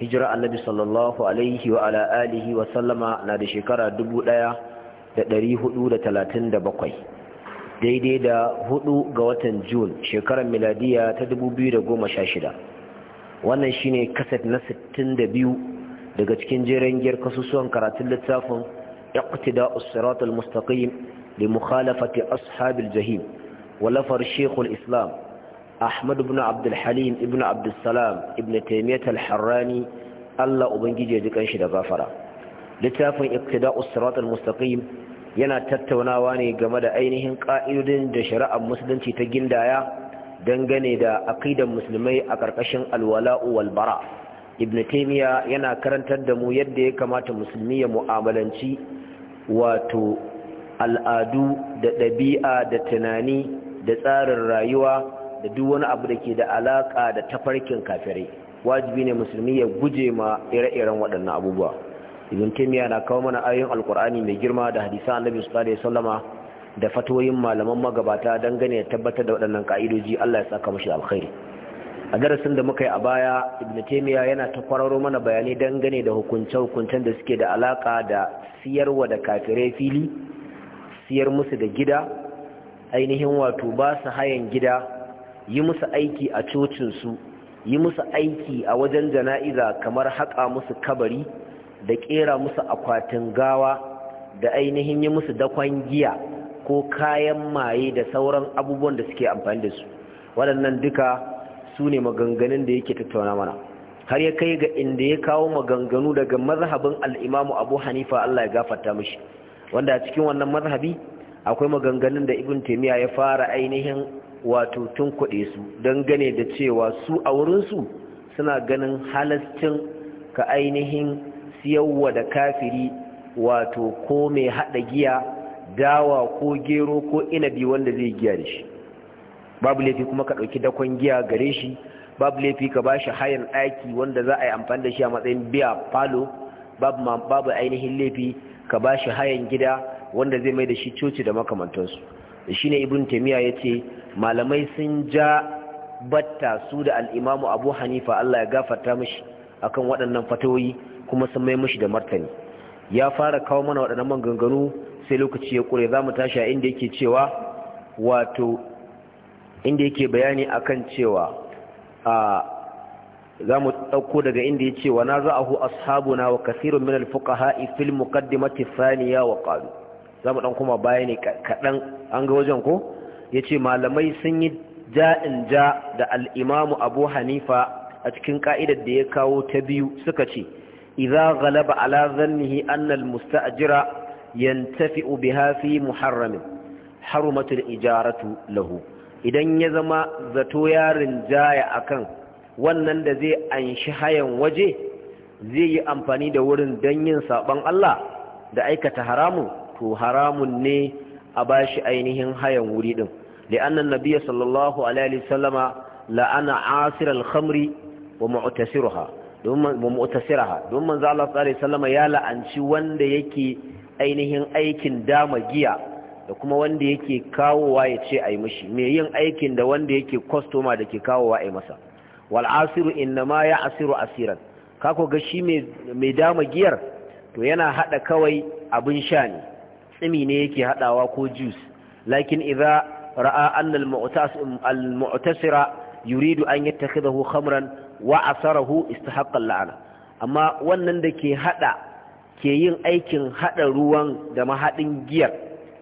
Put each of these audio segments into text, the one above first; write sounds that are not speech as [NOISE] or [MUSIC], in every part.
hijira annabi sallallahu alaihi wa ala alihi wa sallama na da shekara 1437 daidai da hudu ga watan Jun shekarar miladiya ta sha shida, wannan shine kaset na sittin da biyu daga cikin jeren giyar kasusuwan karatun littafin iqtida'us siratal mustaqim li mukhalafati ashabil jahim walafar shekul islam ahmad ibn abdul halim ibn abdul salam ibn taymiyyah al Allah ubangije ji kanshi da gafara littafin iqtida'us siratal mustaqim yana tattaunawa ne game da ainihin ka'idodin da shari'ar musulunci ta gindaya dangane da aqidan musulmai a ƙarƙashin alwala'u wal bara ibn yana karantar da mu yadda ya kamata musulmi mu'amalanci wato al'adu da dabi'a da tunani da tsarin rayuwa da duk wani abu da ke da alaƙa da tafarkin kafirai wajibi ne musulmi ya guje ma ire-iren waɗannan abubuwa ibn taymiya na kawo mana ayoyin alqur'ani mai girma da hadisan annabi sallallahu alaihi wasallama da fatoyin malaman magabata dangane ya tabbatar da waɗannan ka'idoji Allah ya saka mashi alkhairi a darasin da muka yi a baya ibn taymiya yana ta kwararo mana bayanai dangane da hukunce hukuncen da suke da alaka da siyarwa da kafirai fili siyar musu da gida ainihin wato ba su hayan gida yi musu aiki a cocinsu yi musu aiki a wajen jana'iza kamar haƙa musu kabari da ƙera musu akwatin gawa da ainihin yi musu dakon giya ko kayan maye da sauran abubuwan da suke amfani da su waɗannan duka su ne maganganun da yake tattauna mana har ya kai ga inda ya kawo maganganu daga mazhabin al'imamu abu hanifa Allah ya gafarta mishi wanda a cikin wannan mazhabi akwai maganganun da ibn taimiyya ya fara ainihin wato tun kuɗe su don gane da cewa su a wurinsu suna ganin halascin ka ainihin siyarwa da kafiri wato ko mai haɗa giya dawa ko gero ko inabi wanda zai giya da shi babu laifi kuma ka ɗauki dakon giya gare shi babu laifi ka ba shi hayan ɗaki wanda za a yi amfani da shi a matsayin biya falo babu ainihin laifi ka ba shi hayan gida wanda zai mai da shi coci da makamantansu da shi ne ibn taimiyya ya ce malamai sun ja batta su da al'imamu abu hanifa Allah ya gafarta mashi akan waɗannan fatoyi, kuma sun mai mashi da martani ya fara kawo mana waɗannan maganganu sai lokaci ya ƙure za mu tashi a inda yake cewa wato inda yake bayani a kan cewa a za mu ɗauko daga inda ya ce wa na za'ahu ashabuna wa kasirun min a fil muqaddimati thaniya wa qalu za mu ɗan kuma baya ne kaɗan an ga wajen ko ya ce malamai sun yi ja'in ja da al'imamu abu hanifa a cikin ƙa'idar da ya kawo ta biyu suka ce iza galaba ala zannihi annal musta'jira yantafi'u biha fi muharramin harumatul ijaratu lahu idan ya zama zato yarin jaya akan wannan da zai anshi hayan waje zai yi amfani da wurin don yin saɓon Allah da aikata haramun to haramun ne a ba shi ainihin hayan wuri ɗin li'annan Nabiya sallallahu alaihi sallama la'ana asir alhamri khamri wa mu'tasiruha domin domin manzo Allah sallallahu alaihi ya la'anci wanda yake ainihin aikin dama giya da kuma wanda yake kawowa ya ce a yi mishi me yin aikin da wanda yake kwastoma da ke kawowa ai masa wal asiru ma ya asiru asiran kako ga shi mai dama giyar to yana haɗa kawai abin sha ne tsimi ne yake hadawa ko jus, lakin idza ra'a anna al-mu'tasira yuridu an yattakhidahu khamran wa asarahu istahaqqa al-la'na amma wannan da ke hada ke yin aikin hada ruwan da mahadin giyar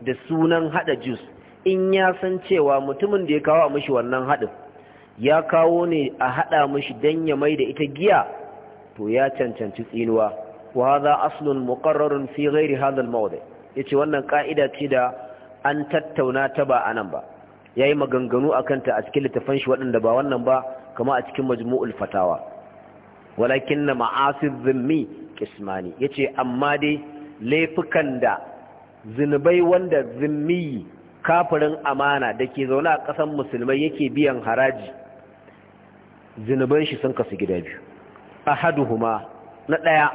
da sunan hada jus, in ya san cewa mutumin da ya kawo mishi wannan hadin ya kawo ne a hada mishi dan ya mai da ita giya to ya cancanci tsinuwa wa hadha aslun muqarrarun fi ghairi hadha al-mawdi' Ya ce wannan ƙa'ida ce da an tattauna ta ba a nan ba Ya yi maganganu a kanta a cikin littafin shi waɗanda ba wannan ba kama a cikin majmu'ul fatawa walakin na ma'asir zimmi kismani ce amma dai laifukan da zinubai wanda zimmi kafirin amana da ke zaune a ƙasar musulmai yake biyan haraji zinuban shi sun kasu gida biyu ma na ɗaya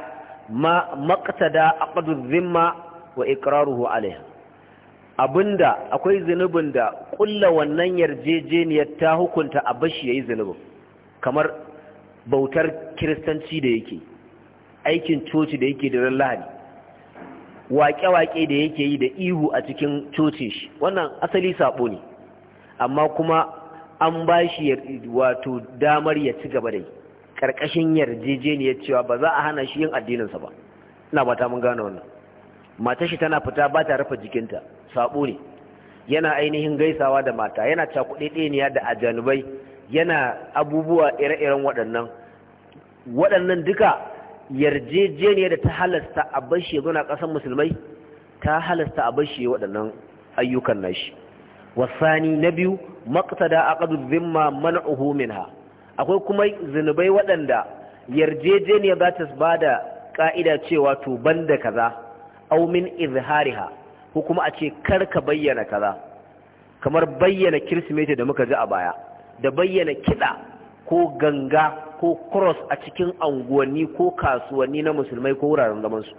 ma a ƙadu zimma wa ikraruhu alaiha abinda akwai zunubin da kulla wannan yarjejeniyar ta hukunta a bashi yayi zunubin kamar bautar kiristanci da yake aikin coci da yake da lahadi waƙe-waƙe da yake yi da ihu a cikin coci. shi wannan asali sabo ne amma kuma an ba shi wato damar ya ci gaba da yi ƙarƙashin yarjejeniyar cewa ba za a hana shi yin addininsa ba ina ba mun gane wannan matashi tana fita ba ta rufe jikinta sabo ne yana ainihin gaisawa da mata yana cakuɗeɗeniya da ajanubai yana abubuwa ire-iren waɗannan waɗannan duka yarjejeniya da ta halasta a bashi ya zauna ƙasar musulmai ta halasta a bashi waɗannan ayyukan nashi wasani na biyu maqtada aqdu zimma man'uhu minha akwai kuma zinubai waɗanda yarjejeniya za ta da ka'ida cewa to da kaza aw min izhariha ko kuma a ce kar ka bayyana kaza kamar bayyana kirsimeti da muka ji a baya da bayyana kiɗa ko ganga ko cross a cikin anguwanni ko kasuwanni na musulmai ko wuraren zaman su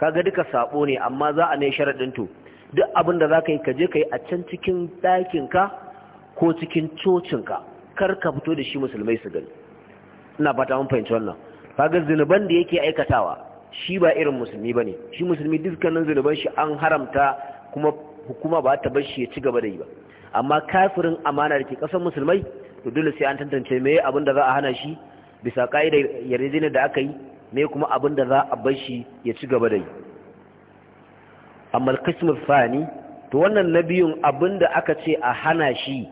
kaga duka sabo ne amma za a ne sharadin to duk abin da zaka ka yi ka je ka a can cikin ka ko cikin cocin ka, kar ka fito da shi musulmai su gani ina fata mun fahimci wannan kaga zinuban da yake aikatawa shi ba irin musulmi ba ne shi musulmi dukkanin zunuban shi an haramta kuma hukuma ba ta bar shi ya ci gaba da yi ba amma kafirin amana da ke ƙasar musulmai to dole sai an tantance me abin da za a hana shi bisa ka'idar yarjejeniyar da aka yi me kuma abin da za a bar shi ya ci gaba da yi amma alqismu thani to wannan nabiyun abin da aka ce a hana shi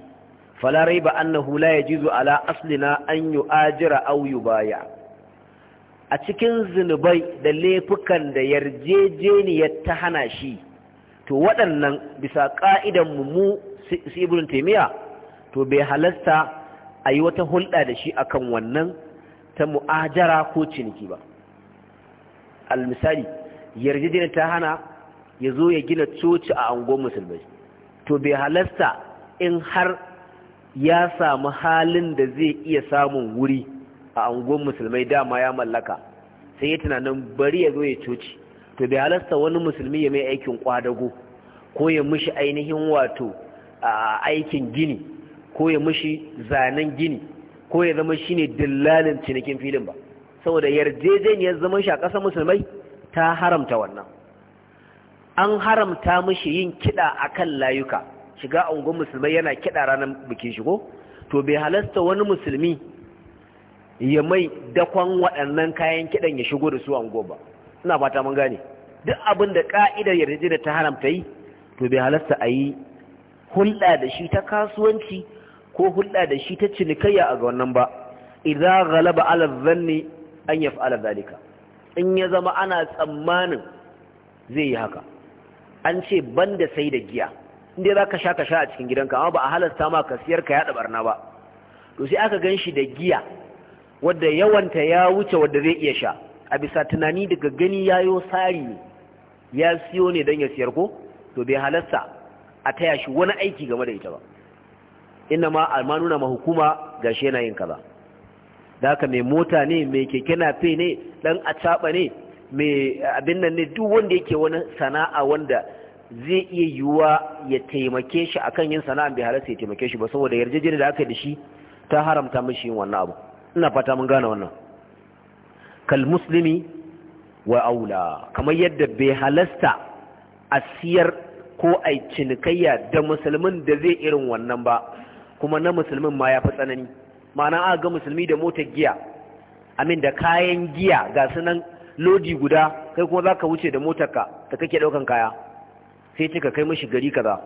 fala raiba annahu la yajizu ala aslina an yu'ajira auyu baya. a cikin zunubai da laifukan da yarjejeniyar ta hana shi to waɗannan bisa ƙa'idan mu su ibn taimiyya to bai halasta a yi wata hulɗa da shi akan wannan ta mu'ajara ko ciniki ba almisali yarjejeniyar ta hana ya zo ya gina coci a angon musulmai to bai halasta in har ya samu halin da zai iya samun wuri a angon musulmai dama ya mallaka sai ya tunanin bari ya zo ya coci to bai halasta wani musulmi ya mai aikin kwadago ko ya mushi ainihin wato a aikin gini ko ya mushi zanen gini ko ya zama shine dillalin cinikin filin ba saboda yarjejeniyar zaman shi a ƙasar musulmai ta haramta wannan an haramta mushi yin kiɗa a kan layuka shiga ungun musulmai yana kiɗa ranar bikin shigo to bai halasta wani musulmi ya mai dakon waɗannan kayan kiɗan ya shigo da su an ba ina fata mun gane duk abin da ka'idar yarjejeniyar ta haramta yi to bai halasta a yi hulɗa da shi ta kasuwanci ko hulɗa da shi ta cinikayya a ga wannan ba idza ghalaba ala dhanni an yaf'ala dhalika in ya zama ana tsammanin zai yi haka an ce banda sai da giya inda za ka sha ka sha a cikin gidanka amma ba a halasta ma ka siyar ka yaɗa barna ba to sai aka ganshi da giya wadda yawanta ya wuce wadda zai iya sha a bisa tunani daga gani ya yi ne ya siyo ne don ya siyar ko to bai halarta a taya shi wani aiki game da ita ba ina ma alma nuna ma hukuma shi yana yin kaza da haka mai mota ne mai keke na fe ne dan acaba ne mai abin nan ne duk wanda yake wani sana'a wanda zai iya yiwuwa ya taimake shi akan yin sana'a bai halarta ya taimake shi ba saboda yarjejeniyar da aka da shi ta haramta mishi yin wannan abu ina fata mun gane wannan kal muslimi wa aula kamar yadda bai halasta a siyar ko a cinikayya da musulmin da zai irin wannan ba kuma na musulmin ma ya fi tsanani ma'ana a ga musulmi da motar giya amin da kayan giya ga sunan lodi guda kai kuma za ka wuce da motarka da kake ɗaukan kaya sai ce ka kai mashi gari kaza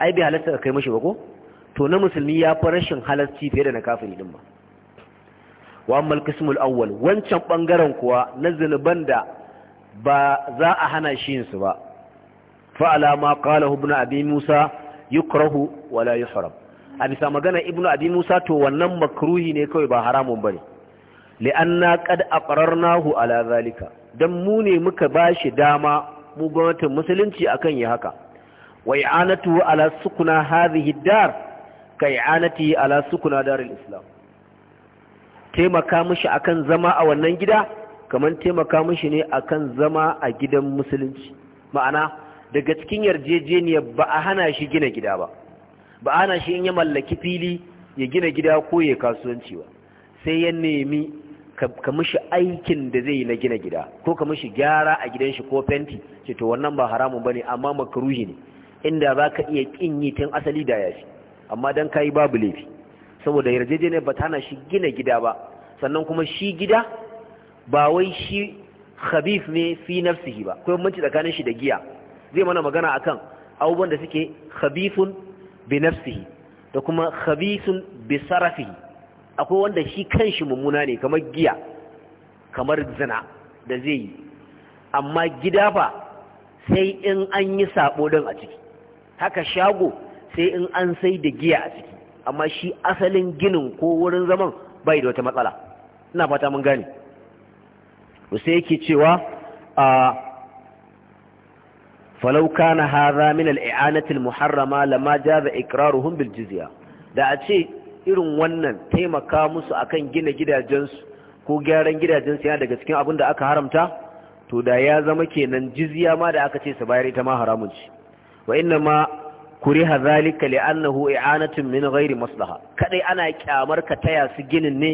ai bai halasta ka kai mashi ba ko to na musulmi ya fi rashin halasci fiye da na kafiri din ba wa ammal qismul awwal wancan bangaren kuwa na zunuban da ba za a hana shi su ba fa ma qalahu ibn abi musa yukrahu wa la yuhram a bisa magana Ibnu abi musa to wannan makruhi ne kawai ba haramun bane li'anna qad aqrarnahu ala zalika dan mu ne muka bashi dama mu gwamnatin musulunci akan yi haka wa i'anatu ala sukuna hadhihi dar kai i'anati ala sukuna daril islam taimaka mishi akan zama a wannan gida kamar taimaka mishi ne akan zama a gidan musulunci ma'ana daga cikin yarjejeniyar ba a hana shi gina gida ba ba a hana shi in ya mallaki fili ya gina gida ko ya kasuwanci ba sai ya nemi ka mishi aikin da zai yi na gina gida ko ka mishi gyara a gidan shi ko fenti ce to wannan ba haramun bane amma makaruhi ne inda za ka iya kin yi tun asali da yashi amma dan yi babu laifi saboda yarjejeniyar ba tana shi gina gida ba sannan kuma shi gida ba wai shi khabif ne fi nafsihi ba kuma manci tsakanin shi da giya zai mana magana akan abubuwan da suke khabifun bi nafsihi da kuma khabithun bi sarafihi akwai wanda shi kanshi mummuna ne kamar giya kamar zina da zai yi amma gida fa sai in an yi sabo din a ciki haka shago sai in an sai da giya a ciki amma shi asalin ginin ko wurin zaman bai da wata matsala ina fata mun gani sai yake cewa a falau kana hadha min al-i'anati al-muharrama lama jaza iqraruhum bil jizya da a ce irin wannan taimaka musu akan gina su ko gyaran su yana daga cikin abin da aka haramta to da ya zama kenan jizya ma da aka ce su bayar ita ma haramun ci wa inna ma kuriha zalika li'annahu i'anatun min ghairi maslaha kadai ana kyamar ka taya su ginin ne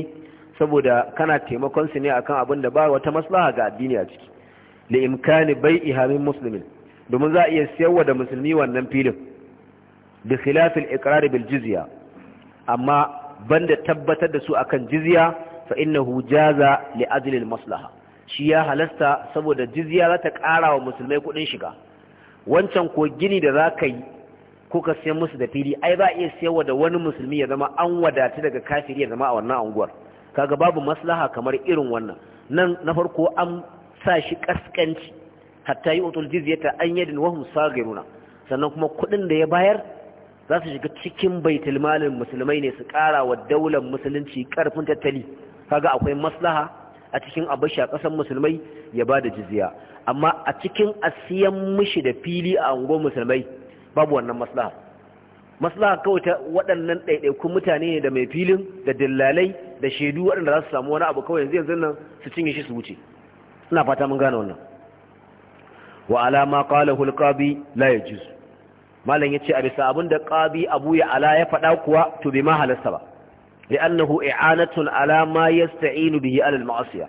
saboda kana taimakon su ne akan abin da ba wata maslaha ga addini a ciki li imkani bai'iha min muslimin domin za a iya siyarwa da musulmi wannan filin bi khilafil iqrar bil jizya amma banda tabbatar da su akan jizya fa innahu jaza li ajli al maslaha shi ya halasta saboda jizya za ta kara wa musulmai kudin shiga wancan ko gini da za ka yi ko ka siyan musu da fili ai ba iya siyarwa da wani musulmi ya zama an wadatu daga kafiri ya zama a wannan anguwar kaga babu maslaha kamar irin wannan nan na farko an sa shi kaskanci hatta yi utul jizyata an yadin wahum sagiruna sannan kuma kuɗin da ya bayar za su shiga cikin baitul malin musulmai ne su kara wa daular musulunci karfin tattali kaga akwai maslaha a cikin abasha kasan musulmai ya bada da jizya amma a cikin asiyan mishi da fili a unguwar musulmai babu wannan maslaha maslaha kawai ta waɗannan ɗaiɗaikun mutane ne da mai filin da dillalai da shaidu waɗanda za su samu wani abu kawai yanzu yanzu nan su cinye shi su wuce ina fata mun gane wannan wa alama qala hul qabi la yajuz malam yace a bisa abin da qabi abu ya ala ya faɗa kuwa to bai ma ba ba li'annahu i'anatun ala ma yasta'inu bihi ala al-ma'siyah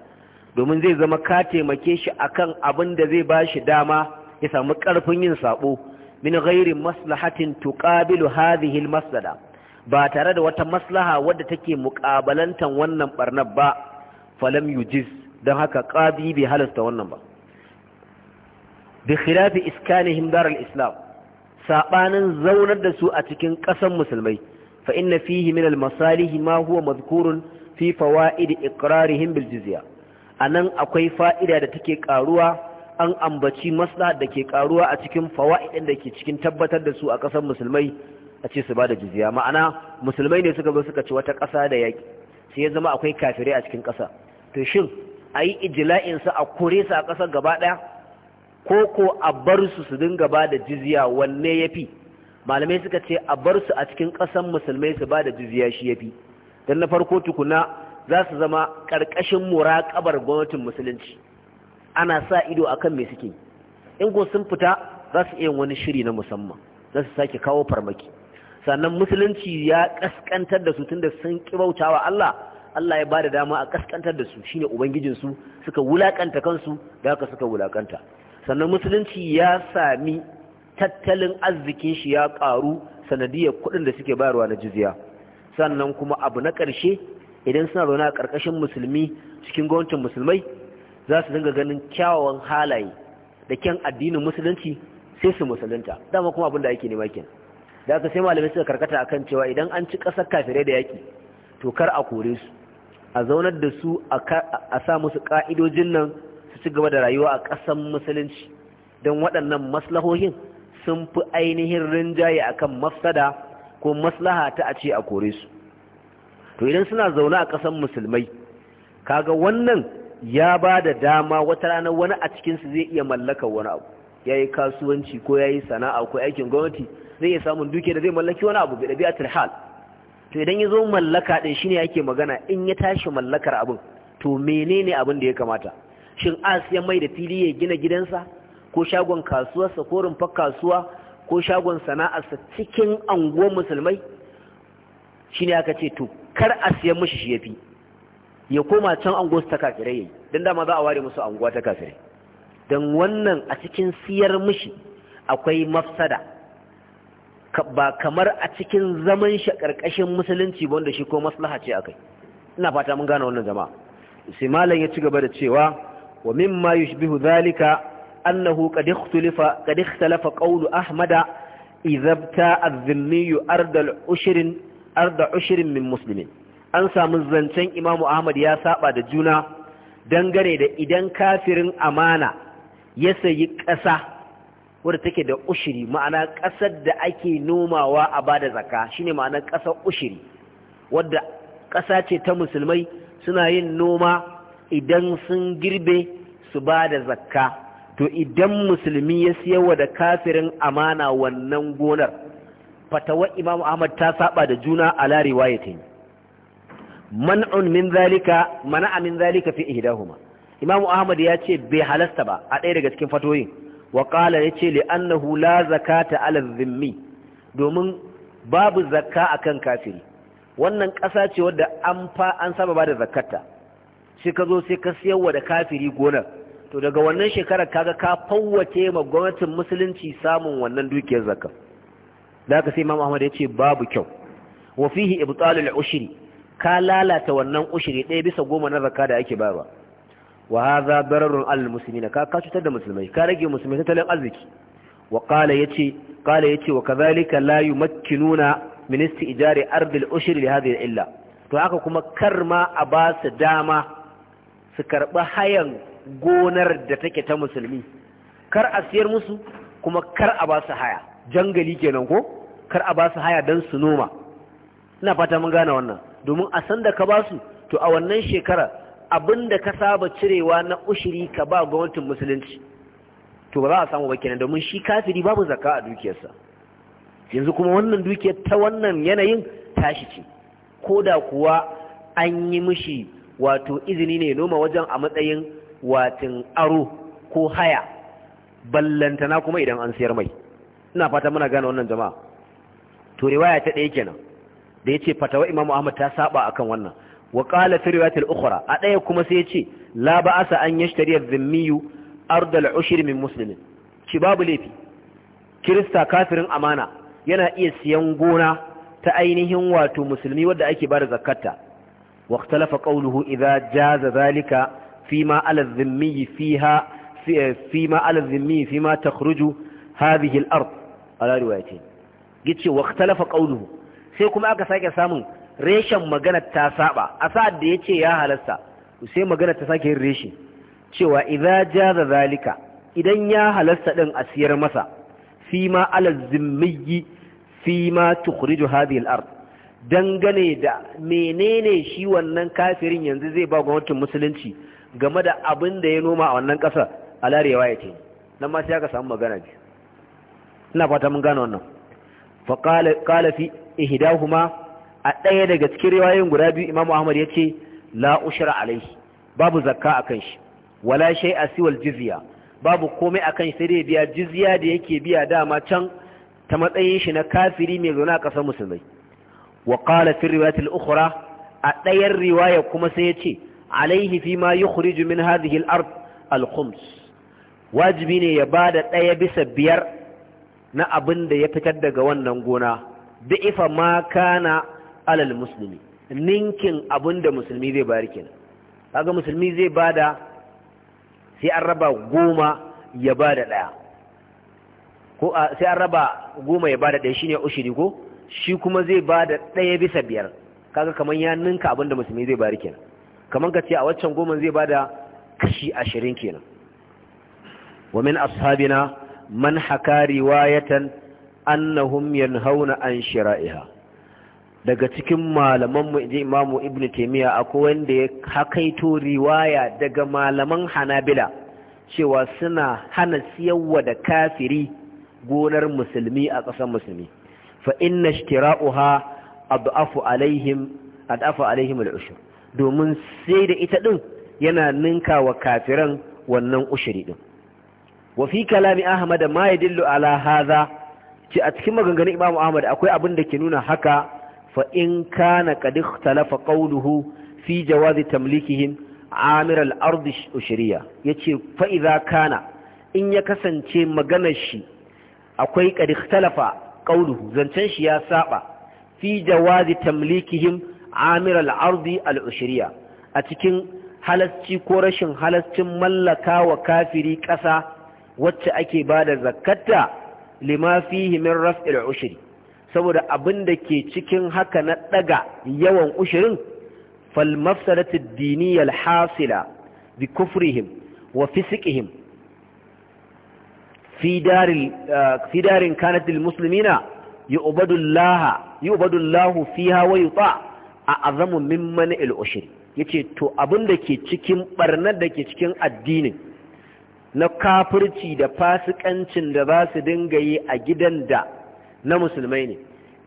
domin zai zama ka taimake shi akan abin da zai bashi dama ya samu karfin yin sabo min ghairi maslahatin tuqabilu hadhihi almaslada ba tare da wata maslaha wadda take muƙabalantan wannan barnar ba falam yujiz don haka qadi bai halasta wannan ba bi khilafi iskanihim daral islam sabanin zaunar da su a cikin ƙasar musulmai fa inna fihi min almasalih ma huwa madhkurun fi fawaid iqrarihim bil jizya anan akwai fa'ida da take karuwa an ambaci masla da ke karuwa a cikin fawa'idin da ke cikin tabbatar da su a ƙasar musulmai a ce su ba da jizya ma'ana musulmai ne suka zo suka ci wata ƙasa da yaƙi sai ya zama akwai kafirai a cikin ƙasa to shin a yi ijila'in su a kore su a ƙasar gaba ɗaya ko ko a bar su su dinga ba da jizya wanne ya fi malamai suka ce a bar su a cikin ƙasar musulmai su ba da jizya shi ya fi don na farko tukuna za su zama ƙarƙashin muraƙabar gwamnatin musulunci ana sa ido akan mai suke in ko sun fita za su iya wani shiri na musamman za su sake kawo farmaki sannan musulunci ya kaskantar da su tunda sun kibauta wa Allah Allah ya ba da dama a kaskantar da su shine ubangijin su suka wulakanta kansu da haka suka wulakanta sannan musulunci ya sami tattalin arzikin shi ya ƙaru sanadiyar kuɗin da suke bayarwa na jiziya. sannan kuma abu na ƙarshe idan suna zaune a ƙarƙashin musulmi cikin gwamnatin musulmai za su dinga ganin kyawawan halaye da kyan addinin musulunci sai su musulunta dama kuma abin da ake nema kenan da aka sai malamai suka karkata kan cewa idan an ci ƙasar kafirai da yaƙi to kar a kore su a zaunar da su a sa musu ƙa'idojin nan su ci gaba da rayuwa a ƙasar musulunci don waɗannan maslahohin sun fi ainihin rinjaye akan mafsada ko maslaha ta a ce a kore su to idan suna zaune a ƙasar musulmai kaga wannan ya ba da dama wata rana wani a cikinsu zai iya mallaka wani abu ya yi kasuwanci ko ya yi sana'a ko aikin gwamnati zai iya samun duke da zai mallaki wani abu bai ɗabi'atul turhal. to idan ya zo mallaka ɗin shine yake magana in ya tashi mallakar abin to menene abin da ya kamata shin as ya mai da fili ya gina gidansa ko shagon kasuwarsa ko rumfar kasuwa ko shagon sana'arsa cikin anguwar musulmai shine aka ce to kar a siyan mishi shi ya fi. ya koma can anguwa su ta kafirai yayi dan dama za a ware musu anguwa ta kafirai dan wannan a cikin siyar mishi akwai mafsada ba kamar a cikin zaman shi karkashin musulunci wanda shi ko maslaha ce akai ina fata mun gane wannan jama'a sai malam ya ci gaba da cewa wa mimma yushbihu zalika annahu qad ikhtalafa qad ikhtalafa qawlu ahmada idza bta adh-dhimmi arda al-ushrin arda ushrin min muslimin an samu zancen Imam ahmad ya saba da juna dangane da idan kafirin amana ya sayi ƙasa wadda take da ushiri ma'ana ƙasar da ake nomawa a bada zaka shine ma'anar ƙasar ushiri wadda ƙasa ce ta musulmai suna yin noma idan sun girbe su ba da zakka to idan musulmi ya siyarwa da kafirin amana wannan gonar fatawa imamu ahmad ta saba da juna a larewa ya taimi man'un min zalika mana'a min zalika fi ihdahuma imam ahmad ya ce bai halasta ba a ɗaya daga cikin fatoyin wa qala yace li annahu la zakata ala zimmi domin babu zakka akan kafiri wannan ƙasa ce wadda an fa an saba ba da zakkarta sai ka zo sai ka siyarwa da kafiri gonar to daga wannan shekarar kaga ka fawwace ma gwamnatin musulunci samun wannan dukiyar zakka da haka sai imam ahmad ya ce babu kyau wa fihi ibtalul ushri ka lalata wannan ushiri ɗaya bisa goma na zaka da ake bawa wa hadha dararun alal muslimina ka ka cutar da musulmai ka rage musulmai tattalin arziki wa qala yace qala yace wa kadhalika la yumakkinuna min istijari ardi al-ushri li hadhihi illa to haka kuma kar ma a ba su dama su karɓi hayan gonar da take ta musulmi kar a siyar musu kuma kar a ba su haya jangali kenan ko kar a ba su haya don su noma ina fata mun gane wannan domin a san da ka ba su to a wannan shekara abin da ka saba cirewa na ushiri ka ba gwamnatin musulunci to ba za a samu ba domin shi kafiri babu zaka a dukiyarsa yanzu kuma wannan dukiyar ta wannan yanayin tashi ce ko da kuwa an yi mishi wato izini ne noma wajen a matsayin watin aro ko haya ballantana kuma idan an sayar mai ina fata muna gane wannan jama'a to riwaya ta ɗaya kenan da yace fatawa imamu ahmad ta saba akan wannan wa qala fi riwayat a ɗaya kuma sai yace la ba'asa an yashtari adh-dhimmi ard al min muslimin ci babu laifi. kirista kafirin amana yana iya siyan gona ta ainihin wato musulmi wadda ake da zakkata wa ikhtalafa qawluhu idha jaza zalika fima ala adh-dhimmi fiha fima eh, ala adh fima takhruju hadhihi al-ard ala riwayatin gice wa ikhtalafa qawluhu sai kuma aka sake samun reshen magana ta saba a sa'ad da ya ce ya halasta sai magana ta sake yin reshe. cewa idza jaza zalika idan ya halasta ɗin a siyar masa fi ma ala zimmi fi ma tukhriju hadhihi al-ard dangane da menene shi wannan kafirin yanzu zai ba gwamnatin musulunci game da abin da ya noma a wannan ƙasa a larewa ya ce nan ma sai aka samu magana ji ina fata mun gane wannan fa qala fi ihdahuma a ɗaya daga cikin riwayoyin guda biyu Imam ahmad ya ce la ushra alaihi babu zakka akan shi wala shay'a siwal jizya babu komai akan shi sai dai biya jizya da yake biya dama can ta matsayin shi na kafiri mai zauna a ƙasar musulmai wa qala fi riwayat al-ukhra a ɗayan riwaya kuma sai yace alaihi fi ma yukhriju min hadhihi al al-khums wajibi ne ya ba da ɗaya bisa biyar na abin da ya fitar daga wannan gona bi'ifa ma kana alal musulmi ninkin abin da musulmi zai bayar kenan kaga musulmi zai bada sai an raba goma ya bada daya ko sai an raba goma ya bada daya shine ushiri ko shi kuma zai bada daya bisa biyar kaga kaman ya ninka abin da musulmi zai bari kenan kaman ka ce a waccan goma zai bada kashi ashirin kenan wa min man haka riwayatan annahum yanhauna an shira'iha daga cikin malamanmu inji imamu ibn taymiya akwai wanda ya hakaito riwaya daga malaman hanabila cewa suna hana siyarwa da kafiri gonar musulmi a ƙasar musulmi fa inna shtira'uha ad'afu alaihim ad'afu alaihim al'ushur domin sai da ita din yana ninka wa kafiran wannan ushuri din wa fi ahmad ma yadullu ala hadha ci a cikin maganganun imamu ahmad akwai abinda ke nuna haka fa in kana qad ikhtalafa qawluhu fi jawazi tamlikihim amir al-ard ushriya yace fa kana in ya kasance maganar shi akwai qad ikhtalafa qawluhu zancen shi ya saɓa. fi jawazi tamlikihim amir al al-ushriya a cikin halarci ko rashin halarcin mallakawa kafiri ƙasa wacce ake ba da zakatta lima min raf'il ushri saboda abin da ke cikin haka na daga yawan ushirin fal mafsadatu ad hasila bi kufrihim wa fisqihim fi daril ah, fi darin kanat al-muslimina yu'badu Allah yu'badu Allah fiha wa yuta a azamu mimman al-ushri yace to abin da ke cikin barnar da ke cikin addinin na kafirci da fasikancin da za su dinga yi a gidan da na musulmai ne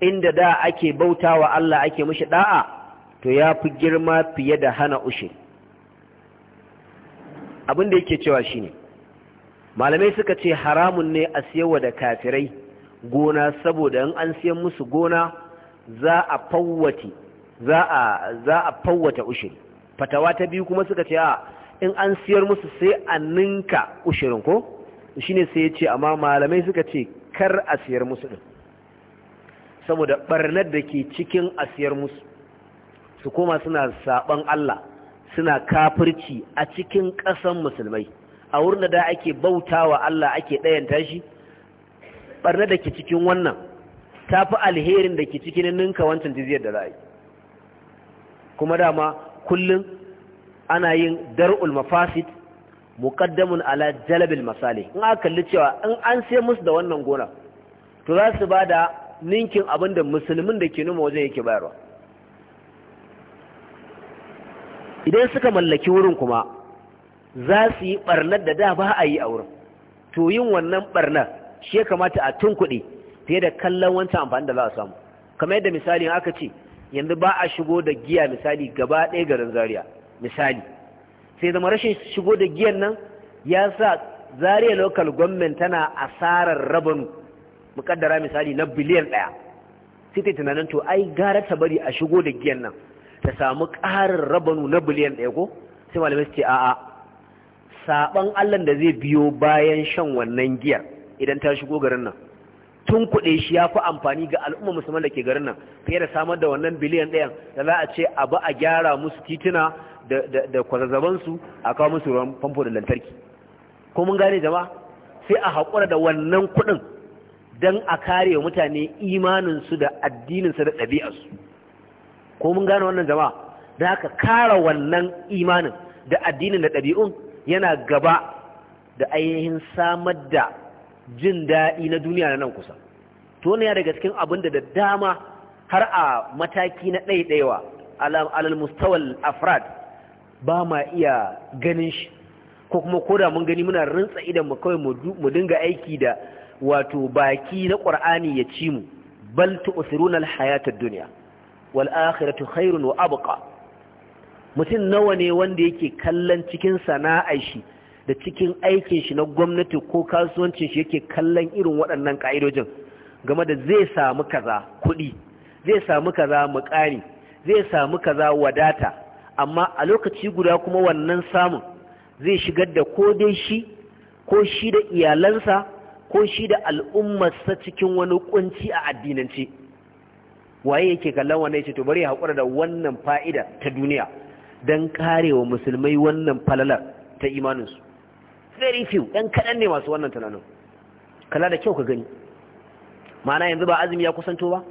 inda da ake bautawa Allah ake mishi da'a to ya fi girma fiye da hana ushiri. abinda yake cewa shi ne. malamai suka ce haramun ne a siyarwa da kafirai gona saboda in an siyan musu gona za a fawwata ushiri. fatawa ta biyu kuma suka ce a in an siyar musu sai a ninka ushirin ko ne sai ya ce amma malamai suka ce kar a siyar musu ɗin saboda ɓarnar da ke cikin a siyar musu su koma suna saɓon Allah suna kafirci a cikin ƙasan musulmai a wurin da ake bautawa Allah ake ɗayanta shi ɓarnar da ke cikin wannan ta fi alherin da ke cikin ninka wancan jiziyar da za a yi kuma dama kullum ana yin dar'ul mafasid muqaddamun ala jalabil masalih in aka kalli cewa in an sai musu da wannan gona to za su bada ninkin abin da musulmin da ke noma wajen yake bayarwa idan suka mallaki wurin kuma za su yi barnar da da ba a yi a wurin to yin wannan barnar shi ya kamata a tun kuɗi fiye da kallon wancan amfani da za a samu kamar yadda misali aka ce yanzu ba a shigo da giya misali gaba ɗaya garin zaria misali sai zama rashin shigo da giyan nan ya sa zariya local government tana asarar rabin mukaddara misali na biliyan ɗaya sai ta tunanin to ai gara ta bari a shigo da giyan nan ta samu ƙarin rabanu na biliyan ɗaya ko sai malamai su ce a'a Sabon allan da zai biyo bayan shan wannan giyar idan ta shigo garin nan tun kuɗe shi ya fi amfani ga al'umma musamman da ke garin nan fiye da samar da wannan biliyan ɗayan da za a ce a ba a gyara musu tituna da kwazazzabansu a kawo musu ruwan famfo da lantarki ko mun gane jama'a sai a haƙura da wannan kuɗin don a kare wa mutane imaninsu da addininsu da ɗabi'arsu ko mun gane wannan jama'a da haka kara wannan imanin da addinin da ɗabi'un yana gaba da ainihin samar da jin daɗi na duniya na nan kusa to ne daga cikin abin da dama har a mataki na ɗaiɗaiwa alal mustawal afrad ba ma iya ganin shi ko kuma koda mun gani muna rantsa idan mu kawai mu dinga aiki da wato baki na qur'ani ya ci mu bal tu'thiruna al-hayata ad-dunya wal akhiratu khairun wa abqa mutum nawa ne wanda yake kallon cikin sana'ar shi da cikin aikin shi na gwamnati ko kasuwancin shi yake kallon irin waɗannan ka'idojin game da zai samu kaza kuɗi zai samu kaza muƙani zai samu kaza wadata amma a lokaci guda kuma wannan samun zai shigar da ko dai shi ko shi da iyalansa ko shi da al'ummarsa cikin wani kunci a addinance waye yake kallon wannan yace to bari ya haƙura da wannan fa'ida ta duniya don karewa musulmai wannan falalar ta imaninsu very few ɗan kaɗan ne masu wannan tunanin kala da kyau ka gani Ma'ana yanzu ba azumi ya kusanto ba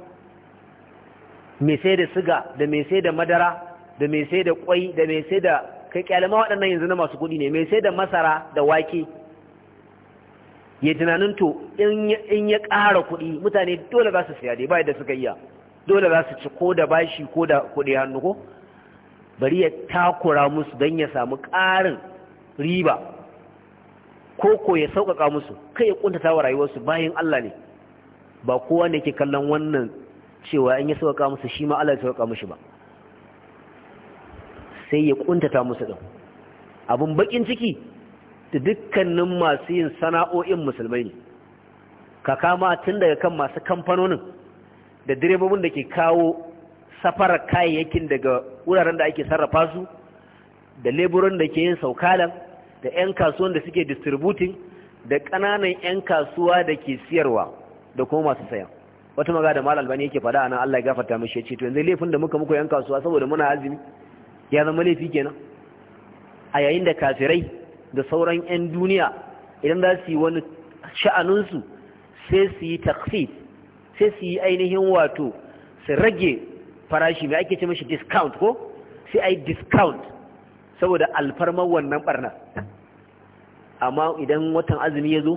mai sai da siga da mai sai da madara da mai sai da kwai da mai sai da kai kyalama waɗannan yanzu na masu kuɗi ne mai sai da masara da wake ya tunanin to in ya ƙara kuɗi mutane dole za su siya dai ba yadda suka iya dole za su ci ko da bashi ko da kuɗi hannu ko bari ya takura musu don ya samu ƙarin riba ko ko ya sauƙaƙa musu kai ya ƙuntata wa rayuwarsu bayan Allah ne ba kowa ne ke kallon wannan cewa in ya sauƙaƙa musu shi ma Allah ya sauƙaƙa mushi ba sai ya kuntata musu din abin bakin ciki da dukkanin masu yin sana'o'in musulmai ne kaka ma tun daga kan masu kamfanonin da direbobin da ke kawo safarar kayayyakin daga wuraren da ake sarrafa su da leburan da ke yin saukalan da 'yan kasuwan da suke distributing da ƙananan 'yan kasuwa da ke siyarwa da kuma masu sayan wata maga da mal albani yake fada nan Allah ya gafarta mashi ya ce to yanzu laifin da muka muku 'yan kasuwa saboda muna azumi ya zama laifi kenan a yayin da kafirai da sauran 'yan duniya idan za su yi wani sha'aninsu sai su yi taksif sai su yi ainihin wato su rage farashi mai ake ce mashi discount ko sai a yi discount saboda alfarmar wannan barna amma idan watan azumi ya zo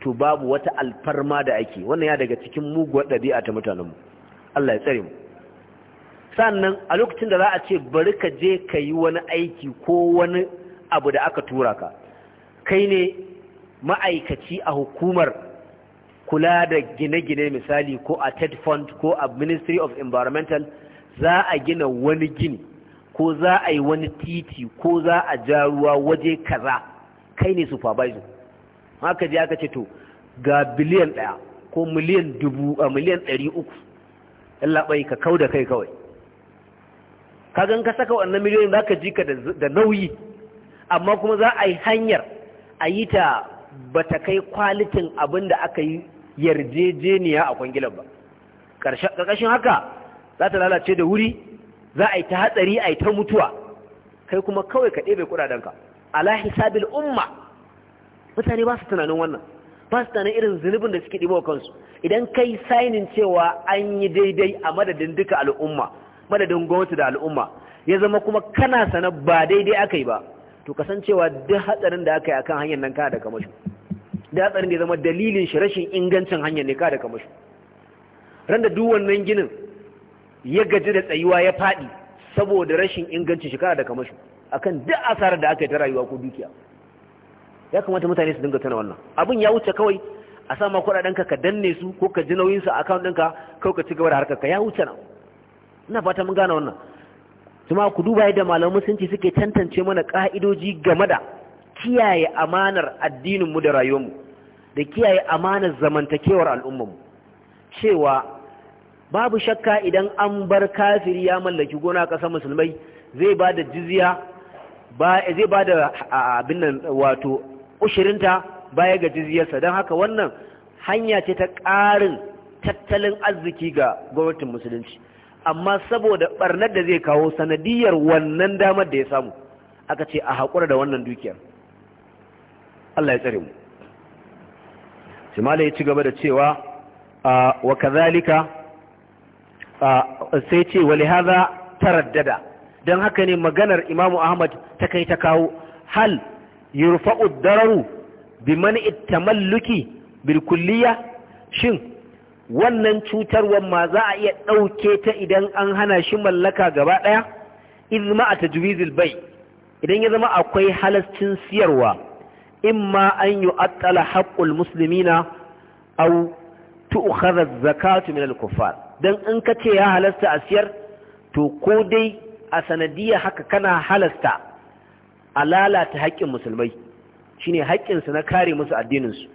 to babu wata alfarma da ake wannan ya daga cikin muguwar ɗabi'a ta mutanenmu Allah ya tsare mu sannan a lokacin da za a ce bari ka je ka yi wani aiki ko wani abu da aka tura ka kai ne ma'aikaci a hukumar kula da gine-gine misali ko a ted fund ko a ministry of environmental za a gina wani gini ko za a yi wani titi ko za a ja ruwa waje kaza kai ne supervisor haka je aka ce to ga biliyan ɗaya ko miliyan dubu miliyan ɗari uku ka kau da kai kawai kagan ka saka wannan miliyoyin za ka ji ka da nauyi amma kuma za a yi hanyar a yi ta ba ta kai kwalitin abin da aka yi yarjejeniya a kwangilan ba ƙarƙashin haka za ta lalace da wuri za a yi ta hatsari a yi ta mutuwa kai kuma kawai ka ɗebe kuɗaɗenka ala hisabil umma mutane ba su tunanin wannan ba su tunanin irin zunubin da suke ɗibo kansu idan kai sainin cewa an yi daidai a madadin duka al'umma madadin gwamnati da al'umma ya zama kuma kana sana ba daidai aka yi ba to kasancewa duk hatsarin da aka yi akan hanyar nan ka da kamashu da hatsarin da ya zama dalilin shi rashin ingancin hanyar ne ka da ran da duk wannan ginin ya gaji da tsayuwa ya faɗi saboda rashin ingancin shi ka da kamashu akan duk asarar da aka yi ta rayuwa ko dukiya ya kamata mutane su dinga tana wannan abin ya wuce kawai a sama kuɗaɗen ka ka danne su ko ka ji nauyin su a akawun ɗinka kawai ka ci gaba da harkar ka ya wuce nan ina fata mun gane wannan kuma ku duba yadda sun ce suke tantance mana ka'idoji game da kiyaye amanar addinin mu da rayuwarmu da kiyaye amanar zamantakewar al'ummar mu cewa babu shakka idan an bar kafiri ya mallaki gona ƙasar musulmai zai ba da jizya zai ba abin nan wato ushirinta baya ga jiziyarsa. don haka wannan hanya ce ta ƙarin tattalin arziki ga gwamnatin musulunci amma saboda barnar da zai kawo sanadiyar wannan damar da ya samu aka ce a haƙura da wannan dukiyar Allah ya tsare mu shimala ya ci gaba da cewa wa kazalika sai ce wali haza taraddada don haka ne maganar imamu ahmad ta kai ta kawo hal yurfa'u dararu bi man'i ittamalluki bil kulliya shin wannan cutarwar ma za a iya ɗauke ta idan an hana shi mallaka gaba ɗaya in a tajwizil bai idan ya zama akwai halascin siyarwa in ma an yi attala haƙƙul musulmina au tu'khadha zakatu min al-kuffar dan in ka ce ya halasta a siyar to ko dai a sanadiyar haka kana halasta a lalata haƙƙin musulmai shine haƙƙinsu na kare musu addininsu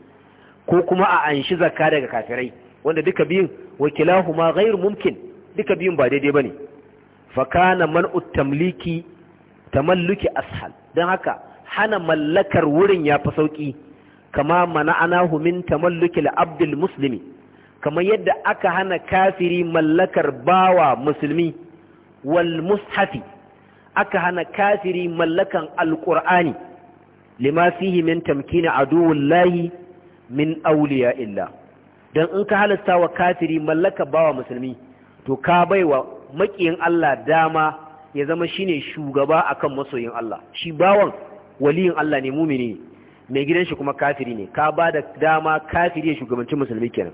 ko kuma a anshi zakka daga kafirai wanda duka biyun ma ghairu mumkin duka biyun ba daidai ba ne fakana man'u tamliki tamalluki ashal dan haka hana mallakar wurin ya fi sauki kama mana'anahu min tamalluki al-abdul muslimi kamar yadda aka hana kafiri mallakar bawa musulmi wal mushafi aka hana kafiri mallakan alƙur'ani lima fihi min tamkini aduwullahi min auliya illah don in ka halatta wa kafiri mallaka bawa musulmi to ka baiwa makiyin Allah dama ya zama shine shugaba akan masoyin Allah shi bawan waliyin Allah ne mumini mai gidan shi kuma kafiri ne ka ba dama kafiri ya shugabanci musulmi kenan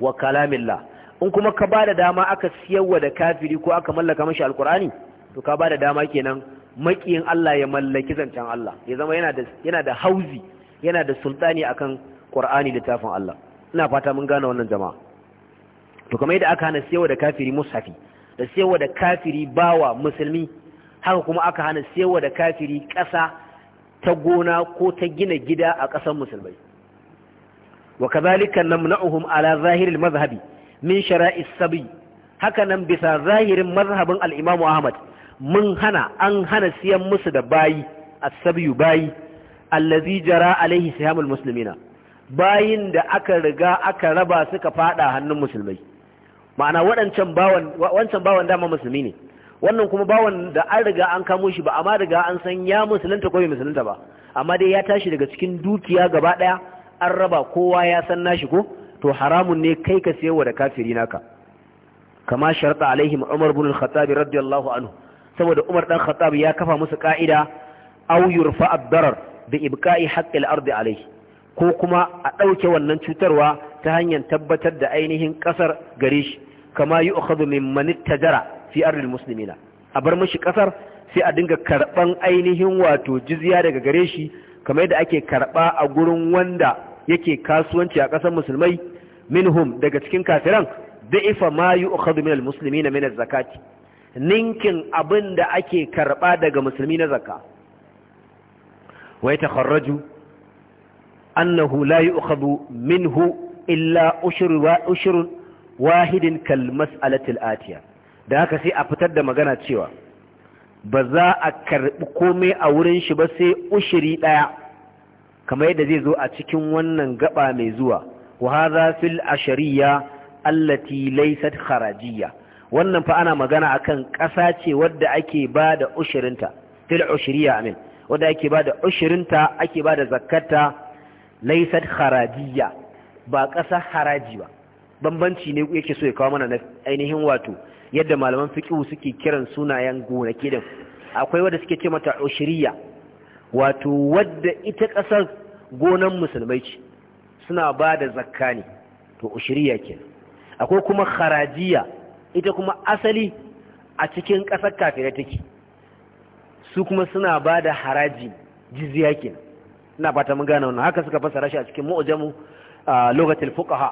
wa kalamillah in kuma ka bada dama aka siyarwa da kafiri ko aka mallaka mashi alkur'ani to ka ba dama kenan makiyin Allah ya mallaki zancen Allah ya zama yana da yana da hauzi yana da sultani akan Qur'ani littafin Allah ina fata mun gane wannan jama'a to kamar yadda aka hana siyarwa da kafiri musafi da siyarwa da kafiri bawa musulmi haka kuma aka hana siyarwa da kafiri ƙasa ta gona ko ta gina gida a ƙasan musulmai wa kadhalika namna'uhum ala zahiril mazhabi min shara'is sabi haka nan bisa zahirin mazhabin al-Imam Ahmad mun hana an hana siyan musu da bayi as-sabiyu bayi allazi jara alaihi sihamul muslimina bayin da aka riga aka raba suka fada hannun musulmai ma'ana waɗancan bawan wancan bawan dama musulmi ne wannan kuma bawan da an riga an kamo shi ba amma riga an san ya musulunta ko bai musulunta ba amma dai ya tashi daga cikin dukiya gaba ɗaya an raba kowa ya san nashi ko to haramun ne kai ka sayarwa da kafiri naka kama sharta alaihim umar bin al-khattab radiyallahu anhu saboda umar dan khattab ya kafa musu ka'ida aw yurfa ad-darar bi ibqa'i haqqi ardi alaihi ko kuma a ɗauke wannan cutarwa ta hanyar tabbatar da ainihin ƙasar gare shi kama yi ukhadu min tajara fi ardil musulmina. a bar mashi ƙasar sai a dinga karɓan ainihin wato jizya daga gare shi kamar yadda ake karɓa a gurin wanda yake kasuwanci a ƙasar musulmai minhum daga cikin kafiran da'ifa ma yi ukhadu min na minar zakati ninkin abin da ake karɓa daga musulmi na zakka wai takharraju annahu la yu'khadhu minhu illa ushur wahidin kal mas'alati da haka sai a fitar da magana cewa ba za a karbi komai a wurin shi ba sai ushiri ɗaya kamar yadda zai zo a cikin wannan gaɓa mai zuwa wa hadha fil ashariya allati laysat kharajiyya wannan fa ana magana akan ƙasa ce wadda ake ba da ushirinta fil ushriya amin wadda ake ba da ushirinta ake ba da zakkarta laisat kharajiyya ba ƙasa haraji ba bambanci ne yake so ya kawo mana na ainihin wato yadda malaman fiqh suke kiran sunayen gonaki din akwai wanda suke ce mata ushriya wato wadda ita ƙasar gonan musulmai ce suna ba da zakka ne to ushriya kenan akwai kuma harajiya ita kuma asali a cikin ƙasar kafirai take su kuma suna ba da haraji jizya kenan ina fata mun gane wannan haka suka fassara shi a cikin mu'jamu lokacin fuqaha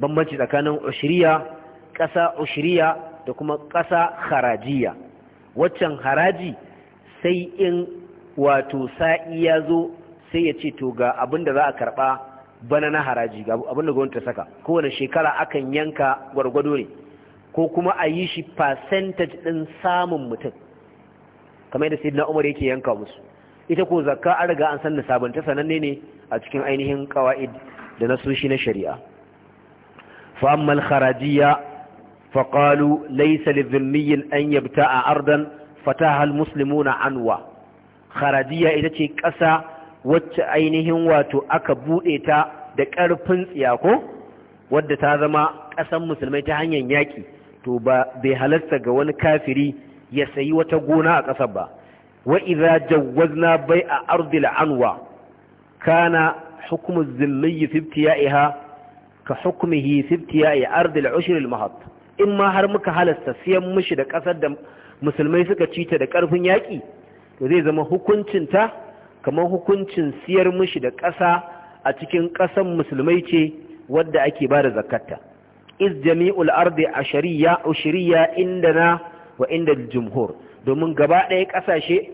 bambanci tsakanin ushriya kasa ushriya da kuma ƙasa harajiya waccan haraji sai in wato sa'i ya zo sai ya ce to ga abinda za a karba bana na haraji ga abinda gwamnati ta saka kowane shekara akan yanka gwargwado ne ko kuma a yi shi percentage ɗin samun mutum kamar yadda sayyidina umar yake yanka musu ita ko zakka an riga an san sabunta sananne ne a cikin ainihin qawaid da soshi na shari'a fa amma al-kharajiyya fa qalu laysa lidhimmi an yabta'a ardan fataha al-muslimuna anwa kharajiyya ita ce ƙasa wacce ainihin wato aka bude ta da ƙarfin ko. wadda ta zama ƙasan musulmai ta hanyar yaƙi to ba bai halarta ga wani kafiri ya sayi wata gona a ƙasa ba wa idza bai a ardil anwa kana hukmu zilli fi ibtiya'iha ka hukmihi fi ibtiya'i ardil ushr al mahad in ma har muka halasta siyan mishi da kasar da musulmai suka cita da ƙarfin yaƙi? to zai zama hukuncin ta kamar hukuncin siyar mishi da ƙasa a cikin ƙasan musulmai ce wadda ake ba da zakatta iz jami'ul ardi ashariya ushriya indana wa inda jumhur domin gaba ɗaya ƙasashe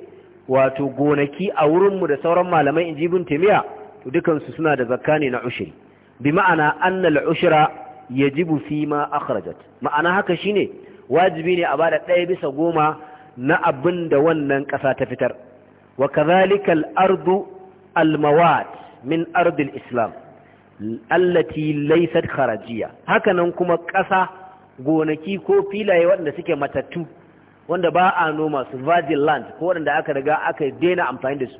wato gonaki a wurinmu da sauran malamai in jibin taimiyya dukansu suna da zakka ne na ushiri bi ma'ana annal ushira yajibu fi ma akhrajat ma'ana haka shine wajibi ne a bada ɗaya bisa goma na abin da wannan ƙasa ta fitar wa kadhalika al-ardu al-mawat min ardi al-islam allati laysat kharajiyya hakanan kuma ƙasa gonaki ko filaye waɗanda suke matattu wanda ba a noma su virgin land ko wanda aka riga aka daina amfani da su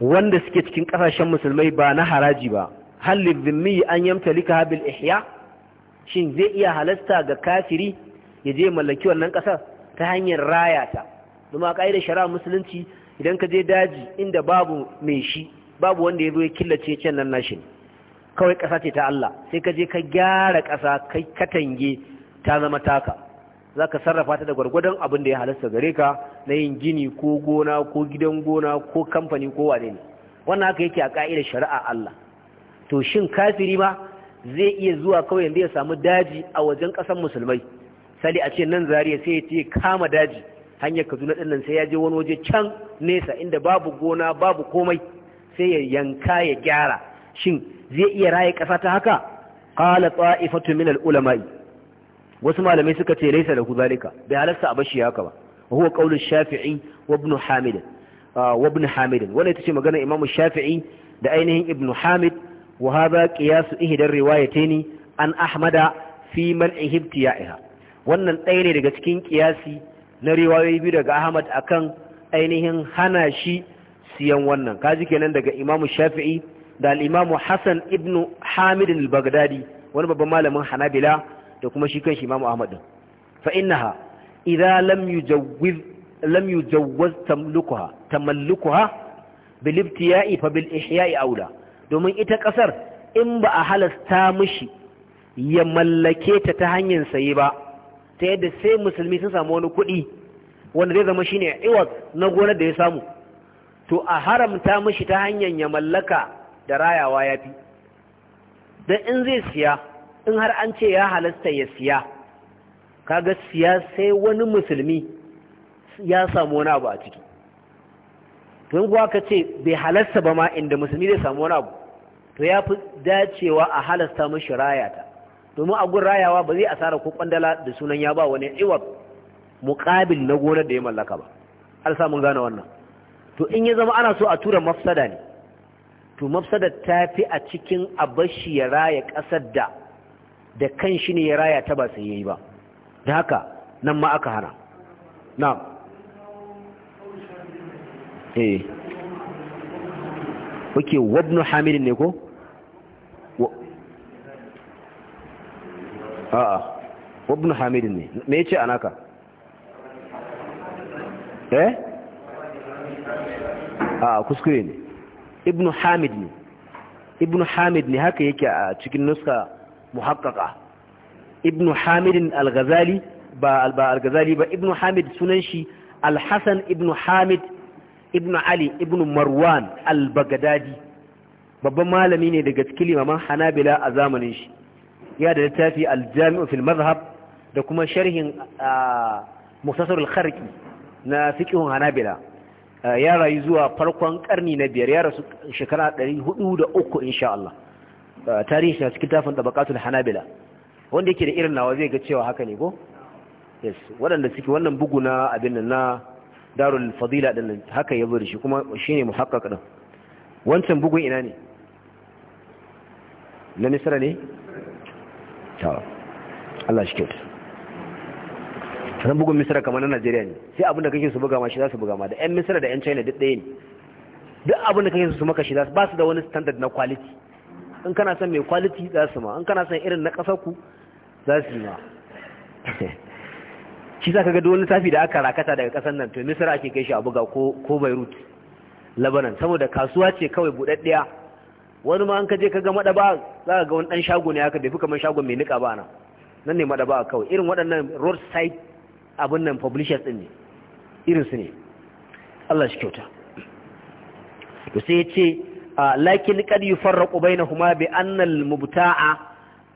wanda suke cikin kasashen musulmai ba na haraji ba halin zimmi an yamtalika habil ihya shin zai iya halasta ga kafiri ya je mallaki wannan kasar ta hanyar raya ta kuma da shari'a musulunci idan ka je daji inda babu mai shi babu wanda ya zo ya killace can nan nashi kawai ƙasa ce ta Allah sai ka je ka gyara ƙasa kai katange ta zama taka za ka sarrafa ta da gwargwadon abin da ya halasta gare ka na yin gini ko gona ko gidan gona ko kamfani ko wane ne wannan haka yake a ka'idar shari'a Allah to shin kafiri ma zai iya zuwa kawai yanzu ya samu daji a wajen ƙasar musulmai Sali a ce nan zariya sai ya ce kama daji hanyar Kaduna din nan sai ya je wani waje can nesa inda babu gona babu komai sai ya yanka ya gyara shin zai iya raye ƙasa ta haka qala ta'ifatu min al-ulama'i wasu malamai suka ce laisa da zalika bai halasta a bashi haka ba huwa qaulu shafi'i wa ibn hamid ah, wa ibn hamid wannan ita ce magana imamu shafi'i da ainihin ibn hamid wa hada qiyas ihdar riwayataini an ahmada fi man'i ibtiya'iha wannan ɗaya ne daga cikin kiyasi na riwayoyi biyu daga ahmad akan ainihin hana shi siyan wannan kaji kenan daga imamu shafi'i da al-imamu hasan ibn hamid al-baghdadi wani babban malamin hanabila da kuma shi shi Imam Ahmad din fa innaha idza lam yujawwiz lam yujawwaz tamlukuha tamallukuha bil ibtiya'i fa bil ihya'i aula domin ita kasar in ba a halasta mishi ya mallake ta ta hanyar saye ba ta yadda sai musulmi sun samu wani kuɗi wanda zai zama shine iwat na gonar da ya samu to a haramta mishi ta hanyar ya mallaka da rayawa yafi dan in zai siya in har an ce ya halasta ya siya kaga siya sai wani musulmi ya samu wani abu a ciki tun kuwa ka ce bai halasta ba ma inda musulmi zai samu wani abu to ya fi dacewa a halasta mashi rayata domin a gun rayawa ba zai asara ko kwandala da sunan ya ba wani iwa muƙabil na gonar da ya mallaka ba har samun gane wannan to in ya zama ana so a tura mafsada ne to mafsada ta fi a cikin abashi ya raya ƙasar da da kan shi ne ya raya ta ba sai yayi ba da haka nan ma aka hana na'am eh oke wabnu hamid ne ko a'a wabnu hamid ne me yace anaka eh a'a kuskure ne ibnu hamid ne ibnu hamid ne haka yake a cikin nuska muhaqqaqa ibn hamid al-ghazali ba ba al-ghazali ba ibn hamid sunan shi al-hasan ibn hamid ibn ali ibn marwan al-baghdadi babban malami ne daga cikin limaman hanabila a zamanin shi ya da littafi al-jami'u fil madhhab da kuma sharhin muktasar al-kharqi na fiqhun hanabila ya rayu zuwa farkon karni na biyar ya rasu shekara 403 insha Allah tarihi na cikin tafin tabaqatul hanabila wanda yake da irin nawa zai ga cewa haka ne ko yes waɗanda suke wannan bugu na abin na darul fadila din haka yazo da shi kuma shine muhaqqaq din wancan bugun ina ne na misra ne ta Allah shi kyautu san bugun misra kamar na Najeriya ne sai abinda kake su buga ma shi za su buga ma da ƴan misra da ƴan China duk ɗaya ne duk abinda kake su maka shi za su ba su da wani standard na quality in kana son mai kwaliti za su ma in kana son irin na ƙasar ku za su ma [LAUGHS] shi za ka ga wani tafi da aka rakata daga ƙasar nan to misira ake kai shi a buga ko beirut labanan saboda kasuwa ce kawai buɗaɗɗiya wani ma an ka je ka ga madaba za ka ga wani ɗan shago ne haka bai fi kamar shagon mai niƙa ba nan nan ne madaba kawai irin waɗannan side abin nan publishers ɗin ne irinsu ne Allah shi kyauta to sai ya ce lakin kad na bainahuma bi annal al a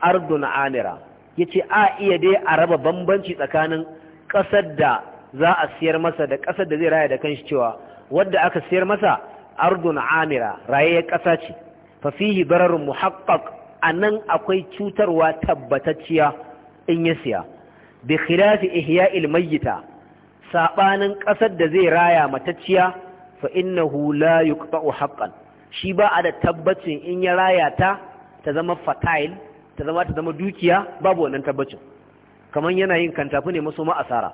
ardun amira yace a iya dai a raba bambanci tsakanin ƙasar da za a siyar masa da ƙasar da zai raya da kanshi cewa wadda aka siyar masa ardun amira rayayyar ƙasa ce fa fihi dararun a nan akwai cutarwa tabbatacciya in ya siya bi khilafi ihya'il mayyita sabanin ƙasar da zai raya matacciya fa innahu la yuqta'u haqqan shi ba a da tabbacin in ya raya ta ta zama fertile ta zama ta zama dukiya babu wannan tabbacin kamar yana yin kantafi ne maso ma'asara.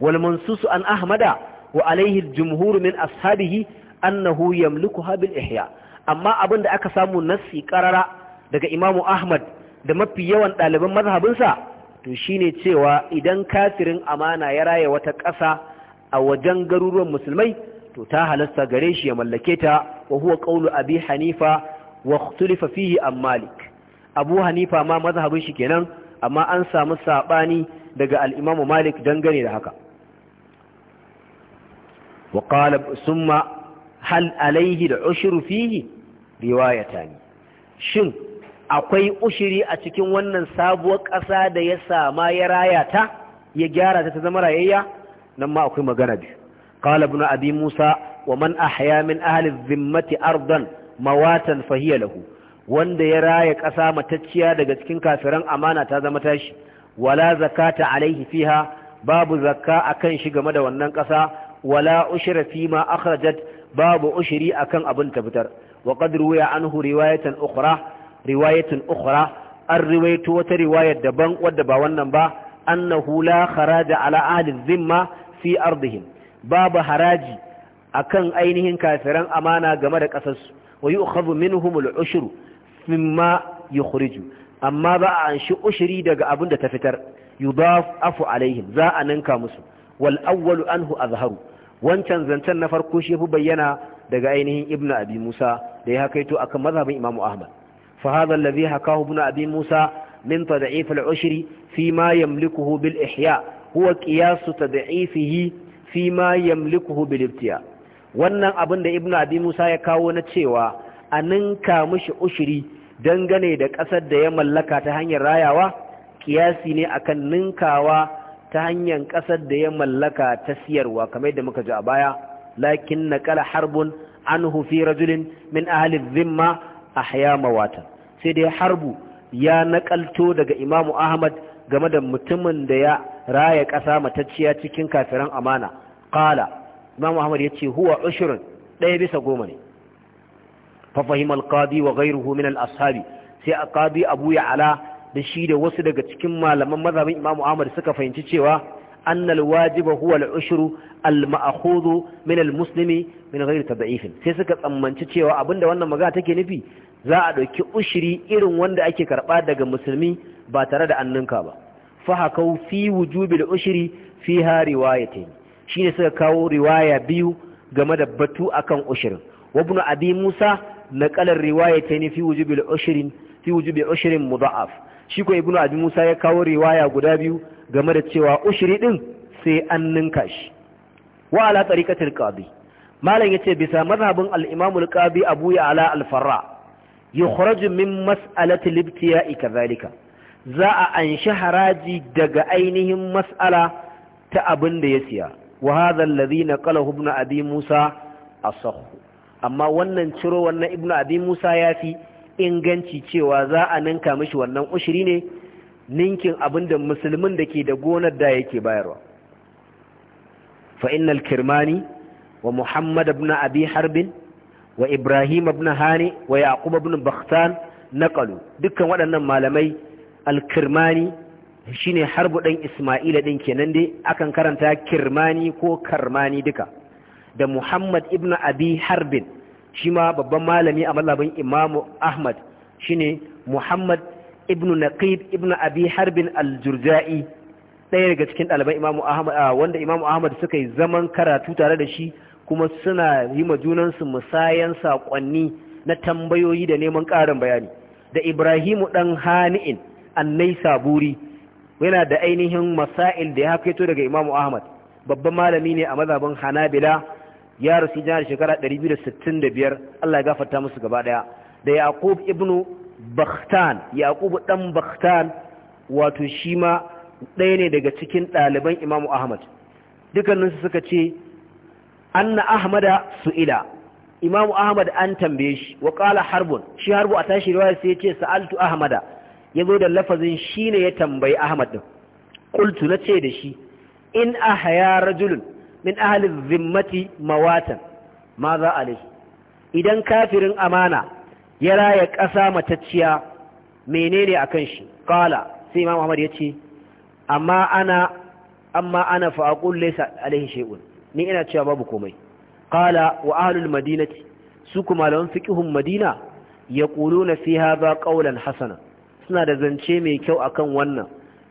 wal mansusu an ahmada wa alaihi jumhur min ashabihi annahu yamlikuha ihya amma abin da aka samu nassi karara daga imamu ahmad da mafi yawan ɗaliban mazhabinsa to shine cewa idan kafirin amana ya raya wata ƙasa a wajen garuruwan musulmai to ta halasta gare shi ya mallake ta wa huwa qawlu abi hanifa wa ikhtalafa fihi an malik abu hanifa ma mazhabin shi kenan amma an samu saɓani daga al malik dangane da haka wa qala summa hal alayhi da ushru fihi riwayatani shin akwai ushiri a cikin wannan sabuwar ƙasa da ya sama ya raya ta ya gyara ta zama rayayya nan ma akwai magana biyu qala ibn abi musa wa man ahya min ahli dhimmati ardan mawatan fahiya wanda ya raya ƙasa matacciya daga cikin kafiran amana ta zama tashi wala zakata alaihi fiha babu zakka akan shi game da wannan ƙasa wala ushra fi ma akhrajat babu ushri akan abin ta fitar wa qad ruwiya anhu riwayatan ukhra riwayatan ukhra an riwayato wata riwaya daban wadda ba wannan ba annahu la kharaja ala ahli dhimma fi ardihim babu haraji akan ainihin kafiran amana game da ƙasarsu wa yi ukhadhu minhumul ushru mimma yukhriju amma ba a anshi ushiri daga abin da ta fitar yudaf afu alaihim za a ninka musu wal awwalu anhu azharu wancan zancen na farko shi fi bayyana daga ainihin ibnu abi musa da ya hakaito akan mazhabin imamu ahmad fa hadha alladhi hakahu ibnu abi musa min tad'if al ushri fi ma yamlikuhu bil ihya huwa qiyas tad'ifihi fi ma yamlikuhu bil ibtiya' wannan abin da ibnu abi musa ya kawo na cewa a ninka mushi ushiri dangane da ƙasar da ya mallaka ta hanyar rayawa kiyasi ne akan ninkawa ta hanyar ƙasar da ya mallaka ta siyarwa kamar yadda muka ji a baya lakin naqala harbun anhu fi rajulin min ahli dhimma ahya mawata sai dai harbu ya nakalto daga imamu ahmad game da mutumin da ya raya ƙasa matacciya cikin kafiran amana qala imam ahmad ya ce huwa ushrun ɗaya bisa goma ne fahimar fahima wa ghayruhu min ashabi sai a qadi abu ala da shi da wasu daga cikin malaman mazhabin imam ahmad suka fahimci cewa annal wajiba huwa al-ushru al-ma'khudhu min al-muslimi min ghayri sai suka tsammanci cewa abinda wannan magana take nufi za a ɗauki ushiri irin wanda ake karba daga musulmi ba tare da annanka ba fa hakau fi wujubil ushri fiha riwayatayn shine suka kawo riwaya biyu game da batu akan ushirin wabnu abi musa naqala riwayatayn fi fi wujubi ushirin mudha'af shi ko ibnu abi musa ya kawo riwaya guda biyu game da cewa ushiri din sai an ninka shi wa ala tariqatil qadi malam yace bisa mazhabin al-imam al-qadi abu ya'la al-farra yukhraju min mas'alati al-ibtiya'i kadhalika za a anshi haraji daga ainihin mas'ala ta abin da ya siya wa hadha alladhi naqalahu ibn abi musa asah amma wannan ciro wannan ibn abi musa yafi inganci cewa za a ninka mishi wannan ushiri ne ninkin abinda musulmin da ke da gonar da yake bayarwa fa innal kirmani wa muhammad ibn abi harbin wa ibrahim ibn hani wa yaqub ibn bakhtan naqalu dukkan waɗannan malamai al-kirmani Shi ne harbu ɗan Isma'ila ɗin kenan dai akan karanta Kirmani ko Karmani duka da Muhammad ibn Abi Harbin shi ma babban malami a mallabin Imam Ahmad shi ne Muhammad ibn Naqib ibn Abi Harbin al-Jurja'i ɗaya daga cikin ɗaliban Imam Ahmad wanda Imam Ahmad suka yi zaman karatu tare da shi kuma suna yi ma junansu musayan saƙonni na tambayoyi da neman ƙarin bayani da Ibrahimu ɗan Hani'in annai saburi yana da ainihin masail da ya kaito daga imamu ahmad babban malami ne a mazhabin hanabila ya rasu jihar shekara 265 allah ya gafarta musu gaba daya da yaqub ibnu bakhtan yaqub dan bakhtan wato shi ma ɗaya ne daga cikin ɗaliban imamu ahmad dukkaninsu suka ce anna ahmada su'ila imamu ahmad an tambaye shi wa qala harbun shi harbu a tashi riwaya sai ya ce sa'altu ahmada ya zo da lafazin shi ne ya tambayi ahmad ɗin ƙultu na ce da shi in a haya rajulun min ahalin zimmati mawatan ma za a idan kafirin amana ya raya ƙasa matacciya menene a kan shi ƙala sai imam ahmad ya ce amma ana amma ana fa'aƙun laisa alaihi shi'un ni ina cewa babu komai ƙala wa ahalul madinati su kuma lawan fiƙihun madina ya ƙuru na fi haza ƙaunar hasana suna da zance mai kyau akan wannan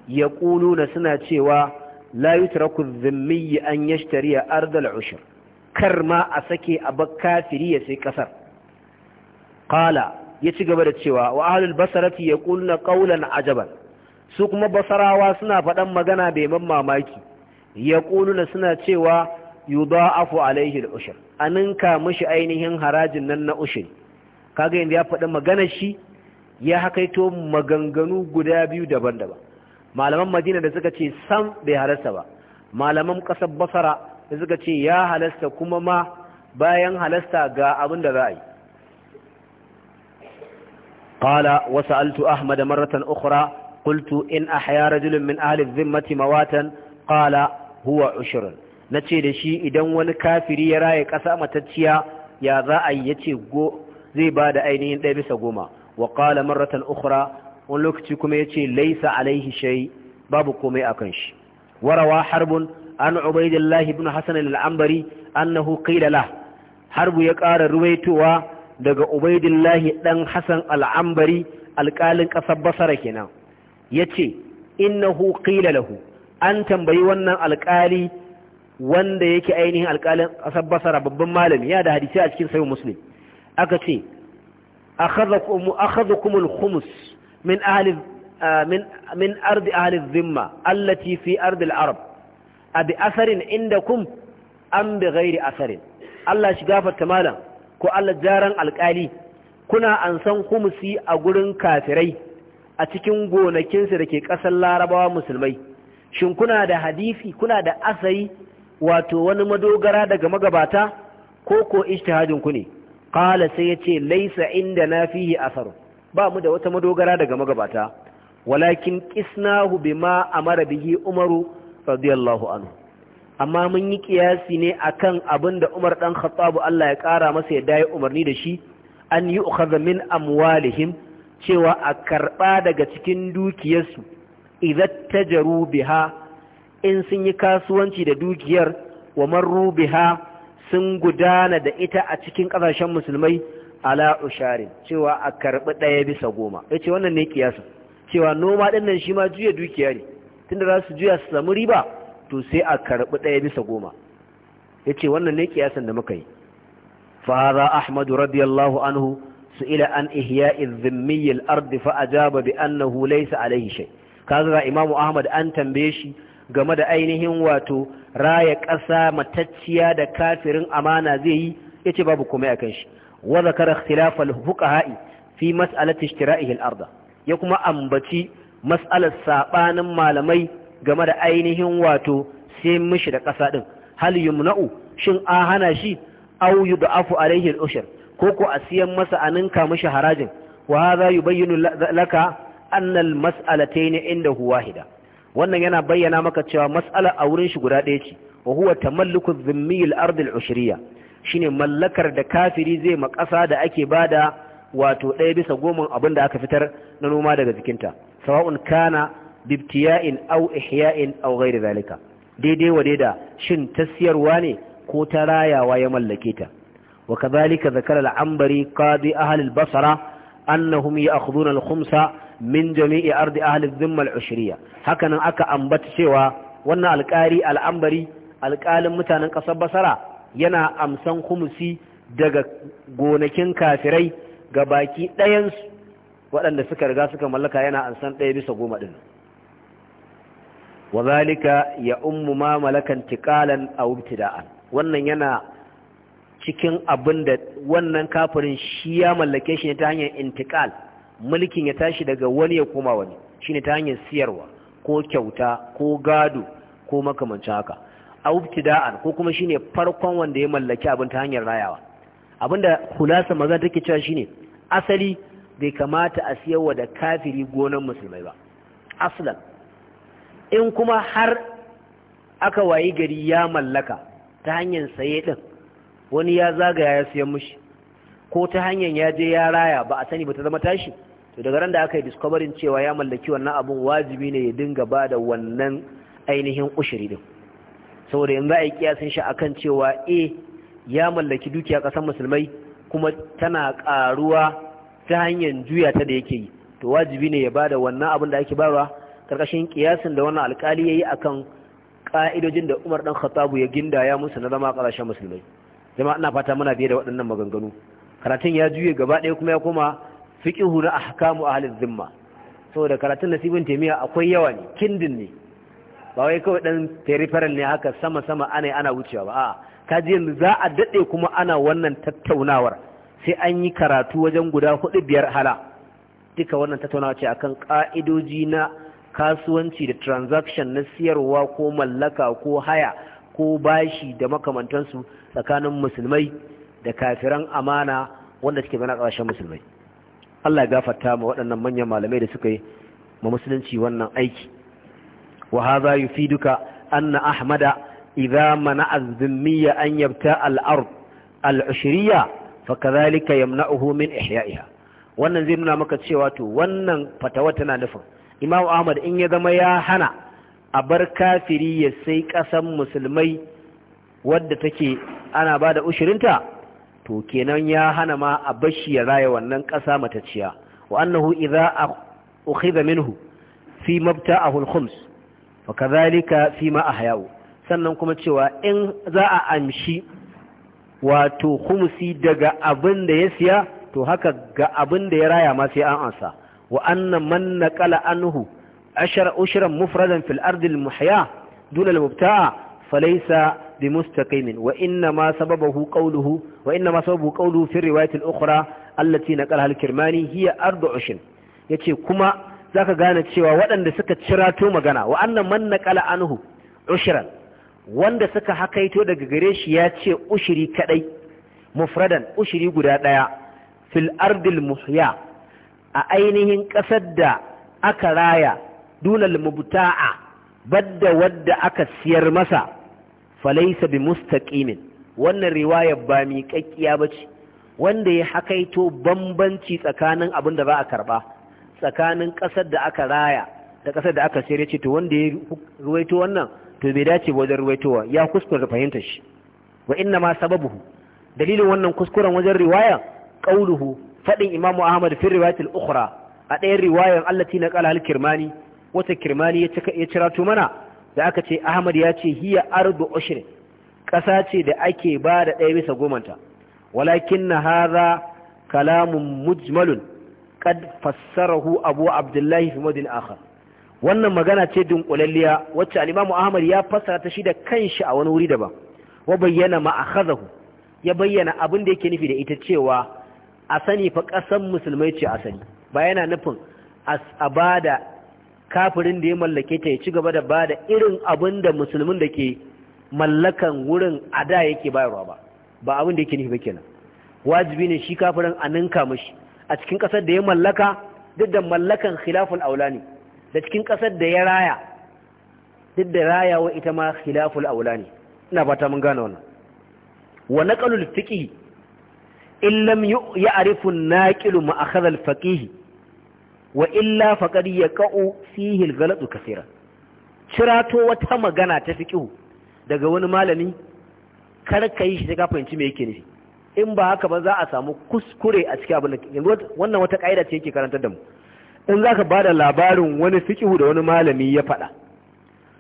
ya na suna cewa la yutraku dhimmi an yashtariya ardal ushr kar ma a sake a kafiri ya sai kasar qala ya ci gaba da cewa wa ahlul basarati yaquluna qawlan ajaban su kuma basarawa suna faɗan magana bai man mamaki yaquluna suna cewa afu alaihi al An ninka mashi ainihin harajin nan na ushr kaga inda ya faɗi maganar shi ya haƙaito maganganu guda biyu daban-daban malaman madina da suka ce sam bai halasta ba malaman ƙasar basara da suka ce ya halasta kuma ma bayan halasta ga abin da za a yi ƙala wasu altu ahmad maratan ukura kultu in a haya rajulun min ahalin zimmati mawatan ƙala huwa ushirin na ce da shi idan wani kafiri ya raye ƙasa matacciya ya za a yi yace go zai ba da ainihin ɗaya bisa goma wa qala marratan ukhra wani lokaci kuma yace Laisa alaihi shay babu komai akan shi warawa harbin an ubaidillah ibn hasan al-ambari annahu qila lah ya ƙara rubaitowa daga ubaidillah ɗan hasan al-ambari alƙalin ƙasar kenan yace in qila lahu an tambayi wannan alƙali wanda yake ainihin alkalin ƙasar basara babban malami ya da hadisi a cikin sayin muslim aka ce akhadhakum akhadhakum al-khums min ahli من من أرض أهل الذمة التي في أرض العرب أبي أثر عندكم أم بغير أثر الله شقافة كمالا كو الله جارا القالي كنا أنسان خمسي أقولن كافري أتكين قونا كنس ركي قسل لا ربا مسلمي شن كنا دا حديثي كنا دا أثري واتو ونمدو قرادا كما قباتا كوكو اجتهاد كني qala sai yace laysa indana fihi asar ba mu da wata madogara daga magabata walakin qisnahu bima amara bihi umaru radiyallahu anhu amma mun yi kiyasi ne akan abin da Umar dan Khattab Allah ya kara masa ya dai umarni da shi an yi ukhadha min amwalihim cewa a karba daga cikin dukiyarsu idza tajaru biha in sun yi kasuwanci da dukiyar wa marru biha sun gudana da ita a cikin ƙasashen musulmai ala usharin cewa a karɓi ɗaya bisa goma ya ce wannan ne kiyasa cewa noma ɗin nan shi ma juya dukiya ne tunda za su juya su samu riba to sai a karɓi ɗaya bisa goma ya ce wannan ne kiyasan da muka yi fahara ahmadu radiyallahu anhu su ila an ihya izimmiyyar ardi fa ajaba bi annahu laysa alaihi shay kaza imamu ahmad an tambaye shi game da ainihin wato raya ƙasa matacciya da kafirin amana zai yi ya ce babu kuma a kan shi wa zakara ikhtilafal fuqaha'i fi mas'alati ishtira'ihi al ya kuma ambaci mas'alar saɓanin malamai game da ainihin wato sai mishi da ƙasa ɗin hal yumna'u shin a hana shi aw yud'afu alaihi al-ushr ko ko a siyan masa ninka mishi harajin wa hadha bayyana laka masalatai al inda indahu wahida wannan yana bayyana maka cewa mas'ala a wurin shi guda ɗaya ce wa huwa tamalluku dhimmi al-ard shine mallakar da kafiri zai ma ƙasa da ake bada wato ɗaya bisa goma abin da aka fitar na noma daga jikinta sawa'un kana bibtiya'in aw ihya'in aw ghairi zalika daidai wa daida shin tasiyarwa ne ko ta rayawa ya mallake ta wa kadhalika zakara al-ambari qadi ahli al-basra annahum ya'khuduna al-khumsa min jami'i ardi ahli Zimmal al-ushriya hakanan aka ambata cewa wannan alƙari al'ambari alƙalin mutanen ƙasar basara yana amsan humusi daga gonakin kafirai ga baki ɗayansu waɗanda suka riga suka mallaka yana amsan ɗaya bisa goma ɗin Wazalika ya ummu ma malakan tiqalan aw ibtida'an wannan yana cikin abin da wannan kafirin shi ya mallake shi ne ta hanyar intiqal mulkin ya tashi daga wani ya koma wani shine ta hanyar siyarwa ko kyauta ko gado ko makamancin haka A da'ar ko kuma shine farkon wanda ya mallaki abin ta hanyar rayawa abinda hulasa maza take cewa shine asali bai kamata a siyarwa da kafiri gonan musulmai ba aslan in kuma har aka wayi gari ya mallaka ta hanyar saye din wani ya zagaya ya siyan mushi ko ta hanyar ya je ya raya ba a sani ba ta zama tashi to daga ran da aka yi discovering cewa ya mallaki wannan abun wajibi ne ya dinga ba da wannan ainihin ushiri din saboda yanzu a yi kiyasin shi akan cewa e ya mallaki dukiya kasan musulmai kuma tana karuwa ta hanyar juya ta da yake yi to wajibi ne ya ba da wannan abin da ake barwa karkashin kiyasin da wannan alkali ya yi akan ka'idojin da umar dan khattabu ya gindaya musu na zama ƙasashen musulmai jama'a ina fata muna biye da waɗannan maganganu karatun ya juye gaba ɗaya kuma ya koma fiƙihu na ahkamu halin zimma, saboda karatun nasibin taimiya akwai yawa ne kindin ne ba wai kawai dan periferal ne haka sama sama ana ana wucewa ba a'a kaji yanzu za a daɗe kuma ana wannan tattaunawar sai an yi karatu wajen guda hudu biyar hala duka wannan tattaunawa ce akan ka'idoji na kasuwanci da transaction na siyarwa ko mallaka ko haya ko bashi da makamantansu tsakanin musulmai da kafiran amana wanda suke bana ƙarshen musulmai Allah ya gafarta ma waɗannan manyan malamai da suka yi ma musulunci wannan aiki wa hadha yufiduka anna ahmada idza mana'a dhimmiya an yabta al-ard al-ushriyya fakadhalika yamna'uhu min ihya'iha wannan zai nuna maka cewa to wannan fatawa tana nufin Imam Ahmad in ya zama ya hana a bar kafiri ya sai kasan musulmai wadda take ana bada ushirinta to kenan ya hana ma a bashi ya raya wannan ƙasa matacciya wa annahu idza ukhidha minhu fi mabta'ahu al-khums fa kadhalika fi ma ahya'u sannan kuma cewa in za a amshi wato khumsi daga abin da ya siya to haka ga abin da ya raya ma sai an ansa wa anna man naqala anhu ashara ushran mufradan fil ardi al-muhya dun al-mubta'a falaisa bi mustaqimin wa inna ma sababahu qawluhu wa inna ma sababu qawluhu fi riwayat al-ukhra allati naqala hiya ardu ushin yace kuma zaka gane cewa waɗanda suka cirato magana wa annan man naqala anhu ushran wanda suka hakaito daga gare shi ya ce ushiri kadai mufradan ushiri guda daya fil ardil muhya a ainihin kasar da aka raya dunal mubta'a badda wadda aka siyar masa falaisa bi mustaqimin wannan riwaya ba mi kakkiya bace wanda ya hakaito bambanci tsakanin abin da za a karba tsakanin ƙasar da aka raya da ƙasar da aka sayar ce to wanda ya ruwaito wannan to bai dace wajen ruwaitowa ya kuskure fahimtar shi wa inna ma sababuhu dalilin wannan kuskuren wajen riwaya qauluhu fadin Imam ahmad fi riwayatil ukhra a ɗayan riwayar allati na qala al-kirmani wata kirmani ya cira to mana da aka ce ahmad ya ce hiya ardu ushrin ƙasa ce da ake ba da ɗaya bisa gomanta walakin na hara kalamun mujmalun kad fassarahu abu abdullahi fi madin akhar wannan magana ce dunkulalliya wacce alimamu ahmad ya fassara ta shi da kanshi a wani wuri daban wa bayyana ma'akhadahu ya bayyana abin da yake nufi da ita cewa a sani fa ƙasan musulmai ce asali ba yana nufin a bada kafirin da ya mallake ta ya ci gaba da bada irin abin da musulmin da ke mallakan wurin a da yake bayarwa ba ba abin da yake nufi ba kenan wajibi ne shi kafirin a ninka mashi a cikin kasar da ya mallaka duk da mallakan khilaful aula ne da cikin kasar da ya raya duk da rayawa ita ma khilaful aula ne ina fata mun gane wannan wa naqalul fiqi in lam ya'rifu an-naqilu ma akhadha al-faqih wa illa faqad yaqa'u fihi al-ghalatu kaseera cirato wata magana ta fiqhu daga wani malami kar ka yi shi ka fahimci me yake nufi in ba haka ba za a samu kuskure a cikin abin da wannan wata kaida ce yake karantar da mu in zaka bada labarin wani fiƙihu da wani malami ya faɗa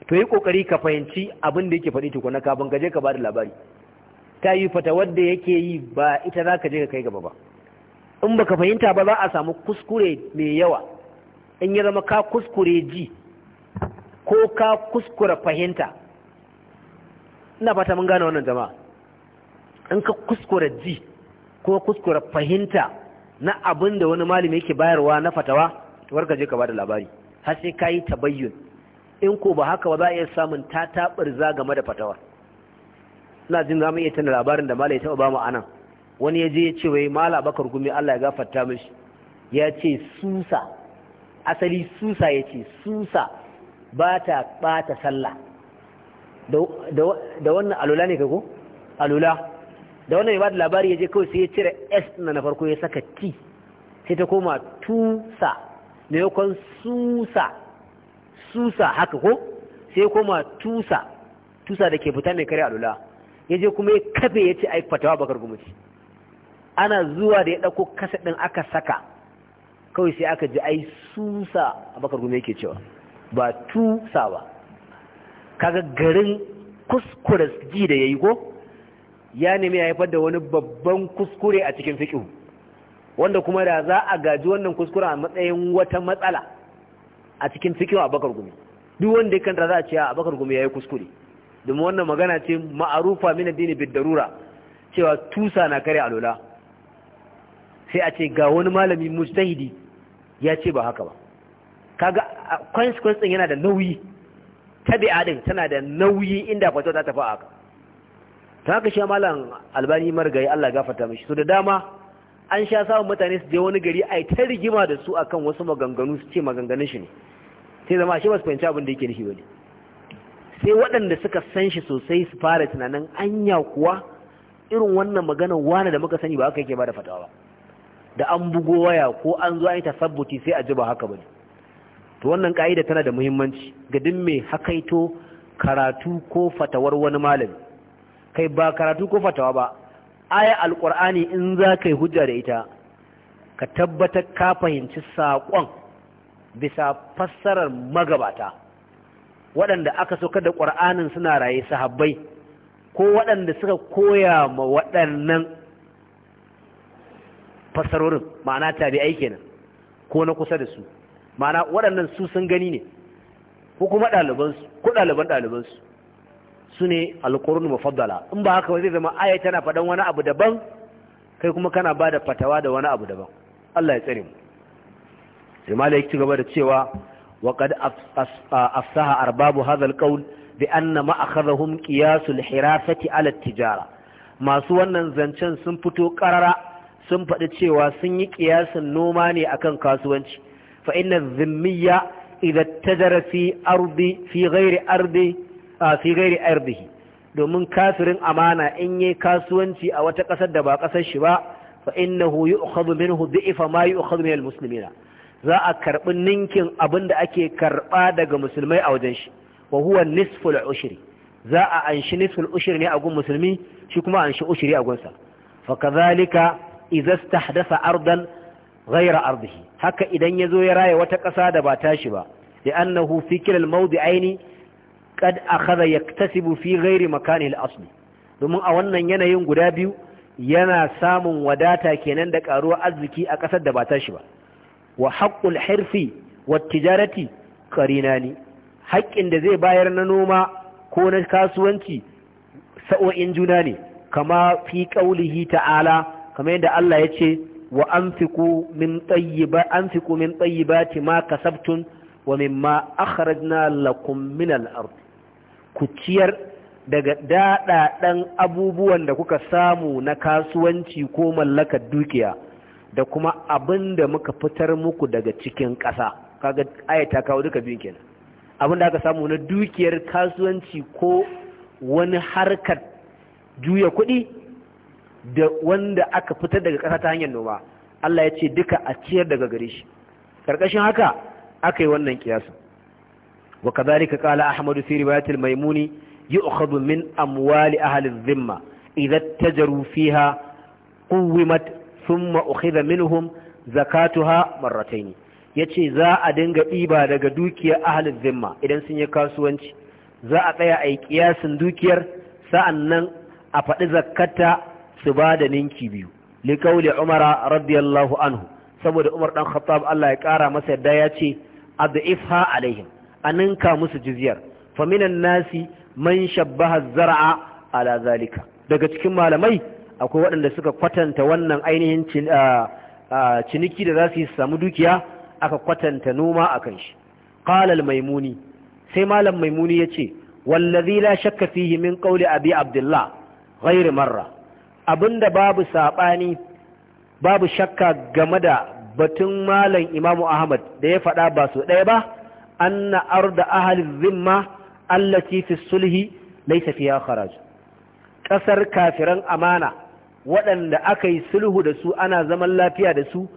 to yi kokari ka fahimci abin da yake faɗi tukuna kafin ka je ka bada labari ta yi fata wanda yake yi ba ita za ka je ka kai gaba ba in baka fahimta ba za a samu kuskure mai yawa in ya zama ka kuskure ji ko ka kuskura fahimta ina fata mun gane wannan jama'a in ka kuskura ji ko kuskura fahimta na abin da wani malami yake bayarwa na fatawa warka je ka bada labari har sai kayi tabayyun in ko ba haka ba za a iya samun tataɓar game da fatawa ina jin za mu iya tana labarin da malai taɓa ba mu anan wani ya je ya ce wai mala bakar gumi Allah ya gafarta mishi ya ce susa asali susa ya ce susa ba ta ɓata sallah da wannan alula ne kago alula da wannan ba da labari ya je kawai sai ya cire s na na farko ya saka t sai ta koma tusa maimakon susa susa haka ko sai koma tusa tusa da ke fita mai kare alula ya je kuma ya kafe ya ce aikata fatawa bakar gumi ana zuwa da ya ɗauko kasa ɗin aka saka kawai sai aka ji ai susa a bakar gume yake cewa ba tusa ba kaga garin kuskure ji da ya yi ko ya nemi ya haifar da wani babban kuskure a cikin fiƙihu wanda kuma da za a gaji wannan kuskure a matsayin wata matsala a cikin fiƙihu a bakar gumi duk wanda ya kanta za a ce a bakar gumi ya yi kuskure domin wannan magana ce ma'arufa min addini bid darura cewa tusa na kare alola sai a ce ga wani malami mujtahidi ya ce ba haka ba kaga consequence din yana da nauyi tabi'a din tana da nauyi inda fatawa ta tafi haka ta haka shi malam albani margayi Allah gafarta mishi so da dama an sha samun mutane su je wani gari ai ta rigima da su akan wasu maganganu su ce maganganun shi ne sai zama shi ba su fahimci abin da yake nufi bane sai waɗanda suka san shi sosai su fara tunanin anya kuwa irin wannan magana wani da muka sani ba aka yake ba da fatawa ba da an bugo waya ko an zo an yi tasabbuti sai a ji ba haka bane to wannan ka'ida tana da muhimmanci ga duk mai hakaito karatu ko fatawar wani malami kai ba karatu ko fatawa ba aya alqur'ani in za ka yi hujja da ita ka tabbatar ka fahimci saƙon bisa fassarar magabata waɗanda aka so kada ƙur'anin suna raye sahabbai ko waɗanda suka koya ma waɗannan fassarorin ma'ana tabi'ai kenan ko na kusa da su ma'ana waɗannan su sun gani ne ko kuma ɗalibansu ko ɗaliban ɗalibansu su ne alƙurun mafaddala in ba haka zai zama aya tana faɗan wani abu daban kai kuma kana ba da fatawa da wani abu daban Allah ya tsare mu sai malai ci gaba da cewa wa qad afsaha arbabu hadha alqawl bi anna ma akhadhahum qiyas alhirafati ala tijara masu wannan zancen sun fito qarara sun faɗi cewa sun yi ƙiyasin noma ne a kan kasuwanci fa inna zimmiya idan ta tajara fi ardi fi ghairi ardi fi ghairi ardihi domin kafirin amana in yi kasuwanci a wata ƙasar da ba ƙasar shi ba fa innahu yu'khadhu minhu dhi'fa ma yu'khadhu min al-muslimina za a karɓi ninkin abin da ake karɓa daga musulmai a wajen shi wa huwa nisful ushri za a anshi nisful ushri ne a gun musulmi shi kuma anshi ushri a gunsa fa kadhalika izastah stahdasa ardan ghayra ardihi haka idan yazo ya raya wata ƙasa da ba tashi ba li'annahu fi kilal mawdi'aini qad akhadha yaktasibu fi ghairi makanihi al-asli domin a wannan yanayin guda biyu yana samun wadata kenan da ƙaruwar arziki a ƙasar da ba tashi ba wa haqqul hirfi wa tijarati qarinani haƙƙin da zai bayar na noma ko na kasuwanci sa'o'in juna ne kama fi ƙaulihi ta'ala kamar yadda Allah ya ce wa anfiqu min tayyiba anfiqu ma kasabtum wa mimma akhrajna lakum min al-ard ku ciyar daga daɗaɗen abubuwan da kuka samu na kasuwanci ko mallakar dukiya da kuma abin da muka fitar muku daga cikin ƙasa kaga aya ta kawo duka biyun kenan abin da aka samu na dukiyar kasuwanci ko wani harkar juya kuɗi da wanda aka fitar daga ƙasa ta hanyar noma Allah ya ce duka a ciyar daga gare shi Ƙarƙashin haka aka yi wannan ƙiyasa wa ka kadhalika qala ahmad fi riwayat al-maimuni ukhadu min amwali ahli adh-dhimma idha tajaru fiha quwwimat zakatu ha minhum ne Ya ce za a dinga ɗiba daga dukiyar ahli Zimma idan sun yi kasuwanci za a tsaya a yi ƙiyasin dukiyar sa'an nan a faɗi zakata su ba da ninki biyu liƙauli umara radiyallahu anhu saboda umar ɗan khattab Allah ya ƙara masa yadda ya ce adifha alaihim a ninka musu jizyar faminan nasi man shabbaha zara'a ala zalika daga cikin malamai akwai waɗanda suka kwatanta wannan ainihin ciniki da za su yi samu dukiya aka kwatanta noma a kan shi ƙalal maimuni sai malam maimuni ya ce wallazi la shakka fihi min ƙauli abi abdullah ghairi marra Abin da babu saɓani babu shakka game da batun malam imamu ahmad da ya faɗa ba su ɗaya ba an na'ar da ahalin zimma allaci fi sulhi laisa fiya kharaj ƙasar kafiran amana waɗanda aka yi sulhu da su ana zaman lafiya da su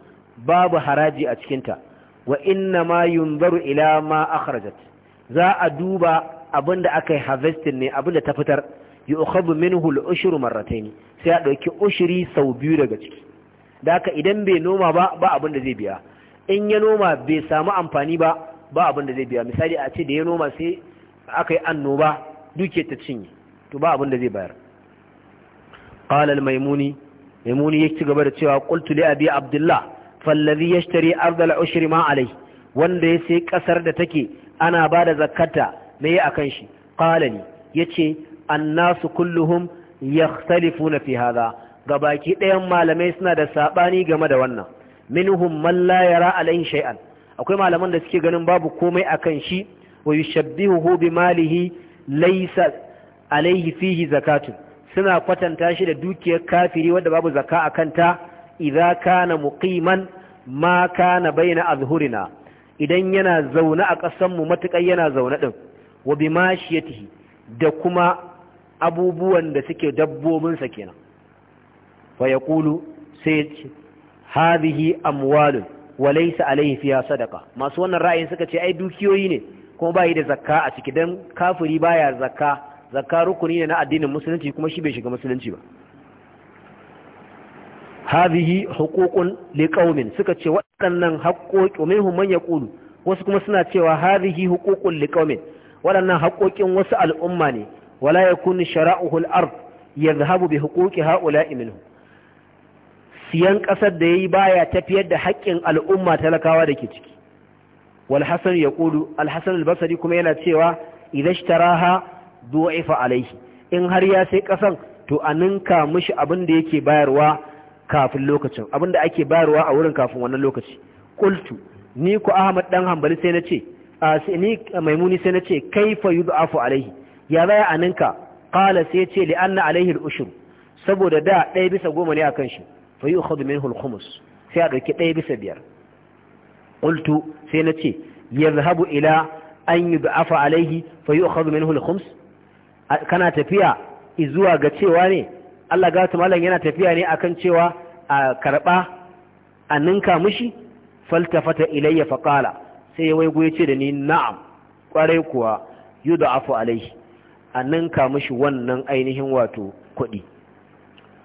babu haraji a cikinta wa inna ma yunzaru ila ma akhrajat za a duba abinda aka yi harvesting ne da ta fitar yu'khadhu minhu al-ushru marratayn sai a ɗauki ushiri sau biyu daga ciki da haka idan bai noma ba ba abin da zai biya in ya noma bai samu amfani ba ba abin da zai biya misali a ce da ya noma sai aka yi annoba duke ta cinye to ba abin da zai bayar qalal maimuni maimuni ya ci gaba da cewa qultu li abi abdullah fallazi yashtari ardal ushri ma alai wanda ya sai kasar da take ana bada zakata me akan shi qala ni yace annasu kulluhum yakhtalifuna fi hadha gabaki ɗayan malamai suna da sabani game da wannan minhum man la yara alayhi shay'an akwai malaman da suke ganin babu komai akan shi wa yushabbihuhu bi malihi laysa alayhi fihi zakatu suna kwatanta shi da dukiyar kafiri wadda babu zaka akan ta idza kana muqiman ma kana baina azhurina idan yana zaune a ƙasar mu matuƙar yana zaune din wa bi mashiyatihi da kuma abubuwan da suke dabbobinsa kenan fa ya kulu sai ce hadhihi amwalun wa laysa alayhi fiha masu wannan ra'ayin suka ce ai dukiyoyi ne kuma bayi da zakka a ciki dan kafiri baya zakka zakka rukuni ne na addinin musulunci kuma shi bai shiga musulunci ba hadhihi huququn liqaumin suka ce waɗannan haƙoƙi minhum man yaqulu wasu kuma suna cewa hadhihi huququn liqaumin waɗannan haƙoƙin wasu al'umma ne wala yakun shara'uhu al-ard yadhhabu bai huquqi ha'ula'i siyan ƙasar da yayi baya tafiyar da haƙƙin al'umma talakawa da ke ciki Walhassan ya ƙudu Alhassan al kuma yana cewa idza ishtaraha du'ifa alaihi in har ya sai kasan to a ninka mushi abin da yake bayarwa kafin lokacin abin da ake bayarwa a wurin kafin wannan lokaci Kultu ni ku ahmad dan hambali sai na ce ni maimuni sai na ce kaifa afu alaihi ya zaya a ninka kala sai ce li anna alaihi al-ushr saboda da ɗaya bisa goma ne akan shi fa yu'khadhu minhu al-khums sai a dauki ɗaya bisa biyar qultu sai na ce yadhhabu ila an yub'afa alaihi fa yu'khadhu minhu al-khums kana tafiya zuwa ga cewa ne Allah ga Mallan yana tafiya ne akan cewa a karba a ninka mushi faltafata ilayya faqala sai ya waigo ya ce da ni na'am kwarai kuwa yud'afu alaihi a ninka mishi wannan ainihin wato kuɗi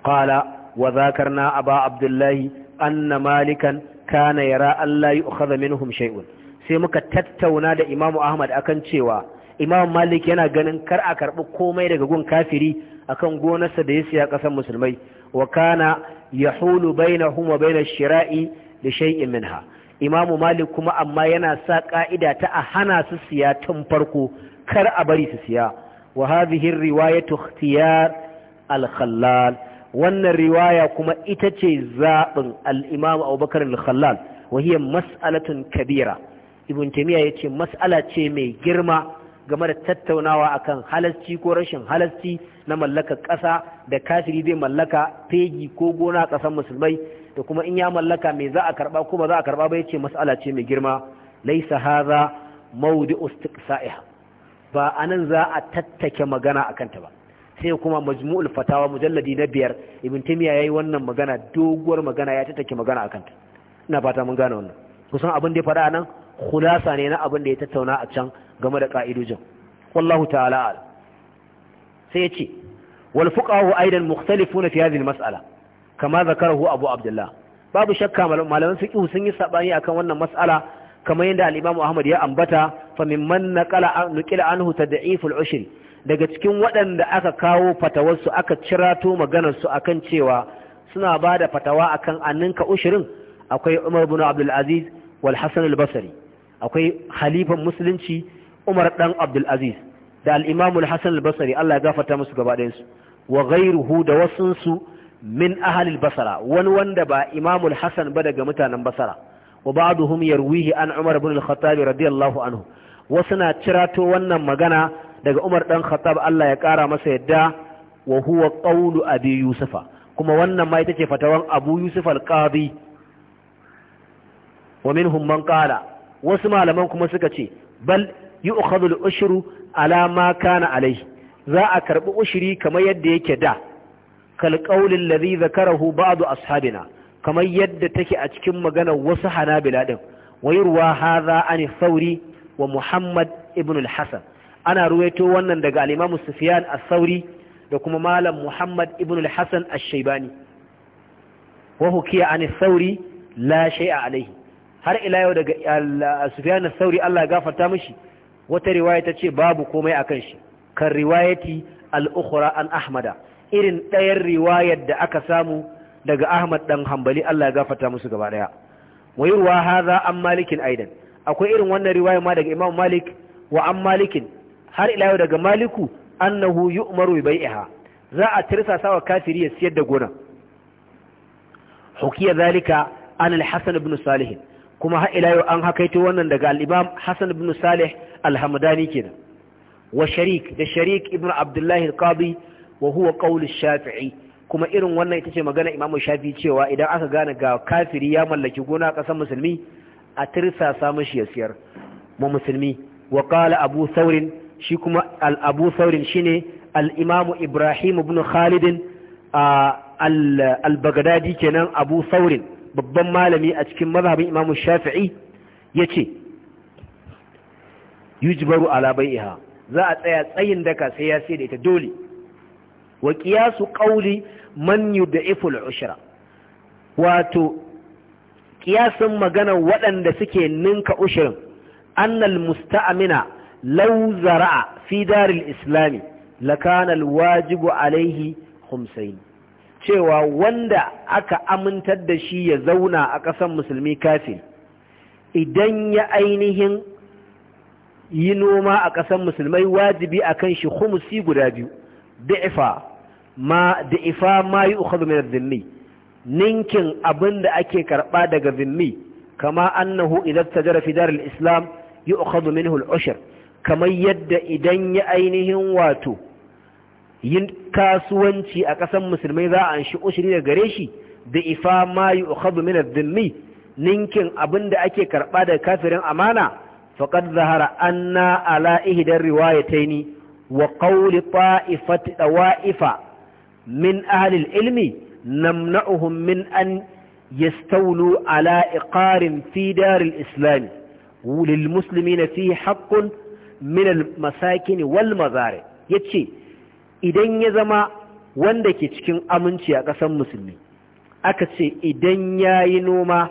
kala wa na aba abdullahi anna malikan kana yara Allah yu'khadha minhum shay'un sai muka tattauna da imamu Ahmad akan cewa Imam Malik yana ganin kar a karbi komai daga gun kafiri akan gonarsa da ya siya ƙasar musulmai wa kana yahulu bainahum wa bainash shira'i li shay'in minha imamu malik kuma amma yana sa ƙa'ida ta a hana su siya tun farko kar a bari su siya wa hadhihi riwayatu ikhtiyar al-khallal wannan riwaya kuma ita ce zaɓin al-imam abubakar al-khallal wa hiya mas'alatun kabira ibn taymiya yace mas'ala ce mai girma game da tattaunawa akan halasci ko rashin halasci na mallaka ƙasa da kafiri zai mallaka fegi ko gona ƙasar musulmai da kuma in ya mallaka mai za a karba ko ba za a karba ba yace mas'ala ce mai girma laisa hadha mawdi'u istiqsa'iha ba anan za a tattake magana a kanta ba sai kuma majmu'ul fatawa mujalladi na biyar ibn timiya yayi wannan magana doguwar magana ya tattake magana a kanta ina fata mun gane wannan kusan abin da ya faɗa nan khulasa ne na abin da ya tattauna a can game da ka'idojin wallahu ta'ala sai ya ce wal fuqahu aidan mukhtalifuna fi hadhihi mas'ala kama zakarahu abu abdullah babu shakka malaman fiqh sun yi sabani akan wannan mas'ala kamar yadda al Ahmad ya ambata fa mimman naqala nuqila anhu tad'if al-ushr daga cikin waɗanda aka kawo fatawarsu aka cirato to maganarsu akan cewa suna ba da fatawa akan anninka ushirin akwai Umar bin Abdul Aziz wal Hassan albasari. akwai khalifan musulunci Umar dan Abdul Aziz da al-Imam al-Hasan Allah ya gafarta musu gaba su wa gairuhu da wasunsu min ahli basara wani wanda ba imamul Hassan ba daga mutanen Basara. wa ba'duhum yarwihi an Umar ibn al-Khattab radiyallahu anhu wasu na cirato wannan magana daga Umar ɗan Khattab Allah ya kara masa yadda wa huwa qawlu Abi Yusufa kuma wannan ma ita ce fatawan Abu Yusuf al-Qadi wa minhum man qala wasu malaman kuma suka ce bal yi al-ushru ala ma kana za a karɓi ushri kamar yadda yake da kal qawli alladhi zakarahu ba'du ashabina kamar yadda take a cikin maganar wasu hanabila din wayarwa hadha an sauri wa muhammad ibn al-hasan ana ruwaito wannan daga al-imam sufyan as-sauri da kuma malam muhammad ibn al-hasan ash-shaybani wa hukiya an sauri la shay'a alayhi har ila yau daga sufyan as-sauri Allah ya gafarta mishi wata riwaya ta ce babu komai akan shi kan riwayati al-ukhra an ahmada irin ɗayan riwayar da aka samu daga Ahmad ɗan hambali Allah ya gafarta musu gaba daya wayurwa hadha an malikin aidan akwai irin wannan riwaya ma daga Imam Malik wa an malikin har ila daga Maliku annahu yu'maru bi bai'iha za a tirsasa wa kafiri ya siyar da gona hukiya zalika an al Hassan ibn Salih kuma har ila an hakaito wannan daga al-Imam Hasan ibn Salih al-Hamdani kenan wa sharik da sharik ibn Abdullahi al-Qadi wa huwa qawl ash-Shafi'i kuma irin wannan ita ce magana imamu shafi cewa idan aka gane ga kafiri ya mallaki gona a ƙasar musulmi a tirsa samun shi ya siyar mu musulmi wa qala abu saurin shi kuma al abu saurin shine al imamu ibrahim ibn Khalidin, al bagdadi kenan abu saurin babban malami a cikin mazhabin imamu shafi'i yace yujbaru ala bai'iha za a tsaya tsayin daka sai ya sai da ita dole wa ƙiyasu ƙauli man da al-ushra wato ƙiyasun magana waɗanda suke ninka ushirin annal musta'mina law zara'a fi daril islami lakana al alaihi khumsayn cewa wanda aka amintar da shi ya zauna a ƙasar musulmi kafin idan ya ainihin yi noma a ƙasar musulmai wajibi a kan shi humusi guda biyu da'ifa ma da ifa ma yi ukhadu min dhimmi ninkin abinda ake karba daga dhimmi kama annahu idan tajara fi al islam yi minhu al-ushr kamar yadda idan ya ainihin wato yin kasuwanci a ƙasar musulmai za a anshi ushiri da gare shi da ifa ma yi ukhadu min dhimmi ninkin abinda ake karba daga kafirin amana faqad zahara anna ala ihdar riwayataini wa qawli ta'ifa min ahlil ilmi namna'uhum min an yastaulu ala iqarin fi daril islami lil muslimina fi haqqun min al masakin wal mazari yace idan ya zama wanda ke cikin aminci a ƙasar musulmi aka ce idan yayi noma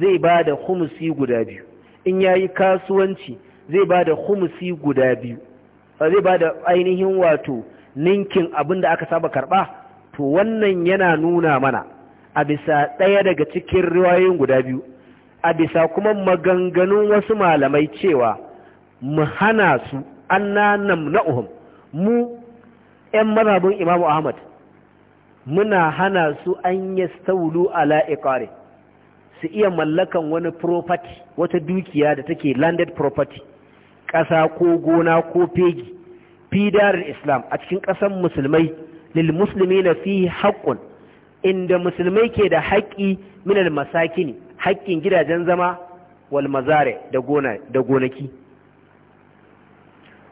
zai ba da humusi guda biyu in yayi kasuwanci zai ba da humusi guda biyu zai ba da ainihin wato ninkin abin da aka saba karɓa to wannan yana nuna mana a bisa ɗaya daga cikin riwayoyin guda biyu a bisa kuma maganganun wasu malamai cewa mu hana su annanam na'uhum mu 'yan mazabin imamu ahmad muna hana su an saulu ala iqari su iya mallakan wani property wata dukiya da take landed property ƙasa ko gona ko fegi fi darul islam a cikin ƙasan musulmai lil na fi haqqun inda musulmai ke da haƙƙi minal masakini haƙƙin gidajen zama wal mazare da gona da gonaki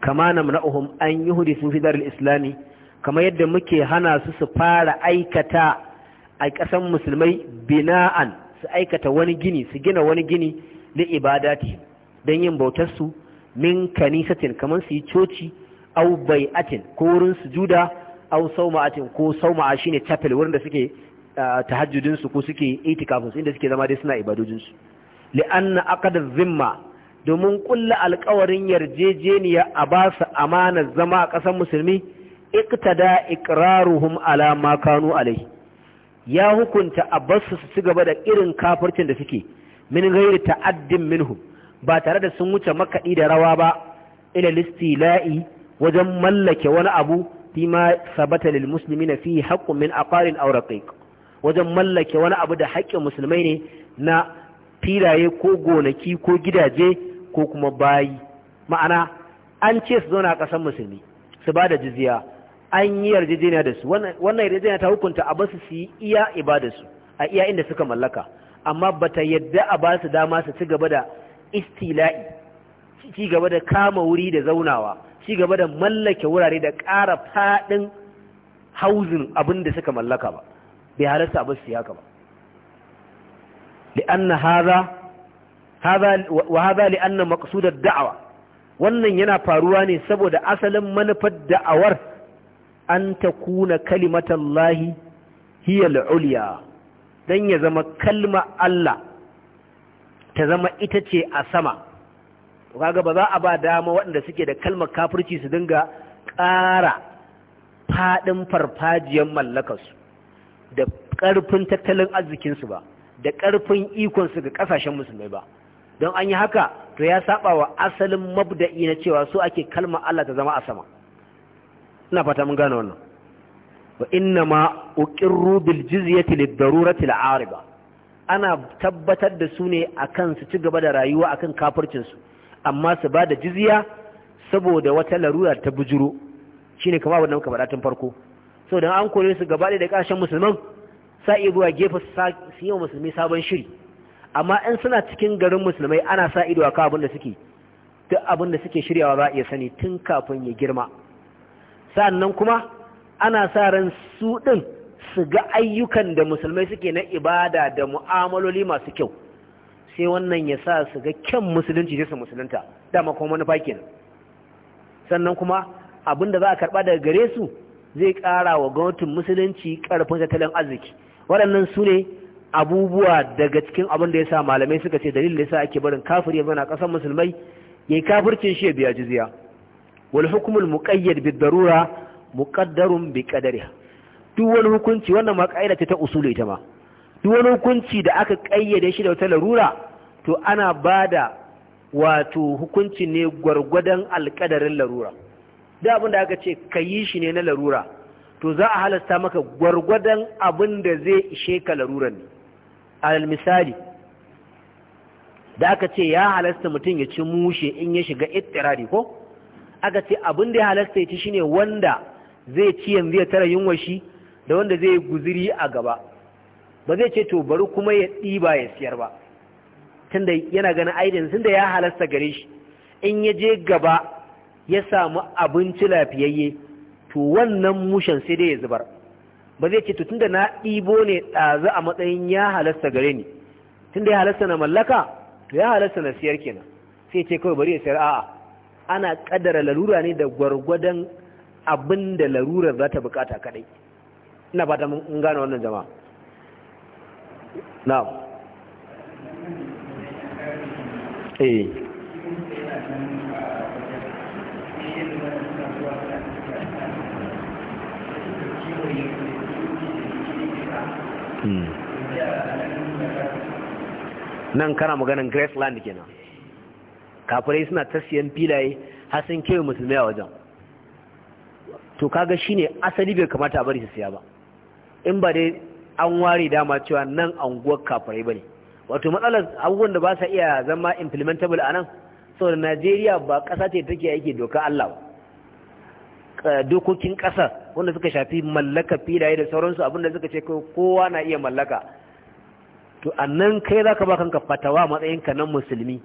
kama namna'uhum an hudu sun fi darul islami kama yadda muke hana su su fara aikata a ƙasan musulmai bina'an su aikata wani gini su gina wani gini li ibadati don yin bautarsu min kanisatin kamar su yi coci au bai'atin ko wurin sujuda au sauma'atin ko sauma'a shine chapel wurin da suke uh, tahajjudin su ko suke itikafin su inda suke zama dai suna ibadojin su li'anna aqada zimma domin kulla alƙawarin yarjejeniya a ba su amana zama a ƙasar musulmi iktada iqraruhum ala ma kanu alai ya hukunta a basu su ci gaba da irin kafircin da suke min gairi ta'addin minhum ba tare da sun wuce makaɗi da rawa ba ila listila'i wajen mallake wani abu fi ma sabata lil muslimina fi haqqun min aqarin aw raqiq wajen mallake wani abu da haƙƙin musulmai ne na filaye ko gonaki ko gidaje ko kuma bayi ma'ana an ce su zauna a ƙasar musulmi su ba da jizya an yi yarjejeniya da su wannan yarjejeniya ta hukunta a basu su yi iya ibadarsu a iya inda suka mallaka amma bata yadda a basu dama su ci gaba da istila'i ci gaba da kama wuri da zaunawa ci gaba da mallake wurare da ƙara faɗin hauzin abin da suka mallaka ba bai halasta abin su haka ba li'anna haza wa haza li'anna maqsudad da'awa wannan yana faruwa ne saboda asalin manufar da'awar an ta kuna kalimatallahi hiya al-ulya ya zama kalma Allah ta zama ita ce a sama to kaga ba za a ba dama waɗanda suke da kalmar kafirci su dinga ƙara faɗin farfajiyar mallakarsu da ƙarfin tattalin arzikinsu ba da ƙarfin ikonsu ga ƙasashen musulmai ba don an yi haka to ya saba wa asalin mabda'i na cewa so ake kalmar Allah ta zama a sama ina fata mun gane wannan wa inna ma uqirru bil jizyati lid darurati ana tabbatar da su ne akan su ci gaba da rayuwa akan kafircin su amma su ba da jizya saboda wata larura ta bujuro shine kama wannan muka faɗa tun farko don an kore su gaba da ƙarshen musulman sa ido zuwa gefe su yi wa musulmi sabon shiri amma in suna cikin garin musulmai ana sa ido a kawo da suke duk abin da suke shiryawa za a iya sani tun kafin ya girma sannan kuma ana sa ran su ɗin su ga ayyukan da musulmai suke na ibada da mu'amaloli masu kyau sai wannan ya sa su ga kyan musulunci sai su musulunta dama kuma manufa kenan sannan kuma abin da za a karɓa daga gare su zai ƙara wa gwamnatin musulunci ƙarfin tattalin arziki waɗannan su ne abubuwa daga cikin abin da ya sa malamai suka ce dalilin da ya sa ake barin kafiri zana ƙasar musulmai ya yi kafircin shi ya biya jizya wal hukumul muqayyad bid darura muqaddarun bi qadariha duk wani hukunci wannan ma ƙa'ida ce ta usuli ita ma duk wani hukunci da aka ƙayyade shi da wata larura to ana ba da wato hukunci ne gwargwadon alkadarin larura da abin da aka ce ka yi shi ne na larura to za a halasta maka gwargwadon abin da zai ishe ka laruran ne alal misali da aka ce ya halasta mutum ya ci mushe in ya shiga ittirari ko aka ce abin da ya halasta ya ci shine wanda zai ci yanzu ya tara yunwa shi da wanda zai guziri a gaba ba zai ce to bari kuma ya ɗiba ya siyar ba tunda yana ganin aidin da ya halasta gare shi in ya je gaba ya samu abinci lafiyayye to wannan mushen sai dai ya zubar ba zai ce to tunda na ɗibo ne ɗazu a matsayin ya halasta gare ni tunda ya halasta na mallaka to ya halasta na siyar kenan sai ce kawai bari ya sayar a'a ana kaddara larura ne da gwargwadon abin da larurar za ta bukata kadai ina ba ta mun gane wannan jama'a na'am Eh. Hmm. nan kana maganin graceland kenan kafirai suna ta siyan filaye har sun kewa musulmai a wajen to kaga shine asali bai kamata a bari su siya ba in ba dai an ware dama cewa nan anguwar kafirai ne. wato matsalar abubuwan da ba sa iya zama implementable a nan saboda najeriya ba ƙasa ce take yake doka allah dokokin ƙasa wanda suka shafi mallaka filaye da sauransu abinda suka ce kowa na iya mallaka to annan kai za ka ba kanka fatawa matsayinka nan musulmi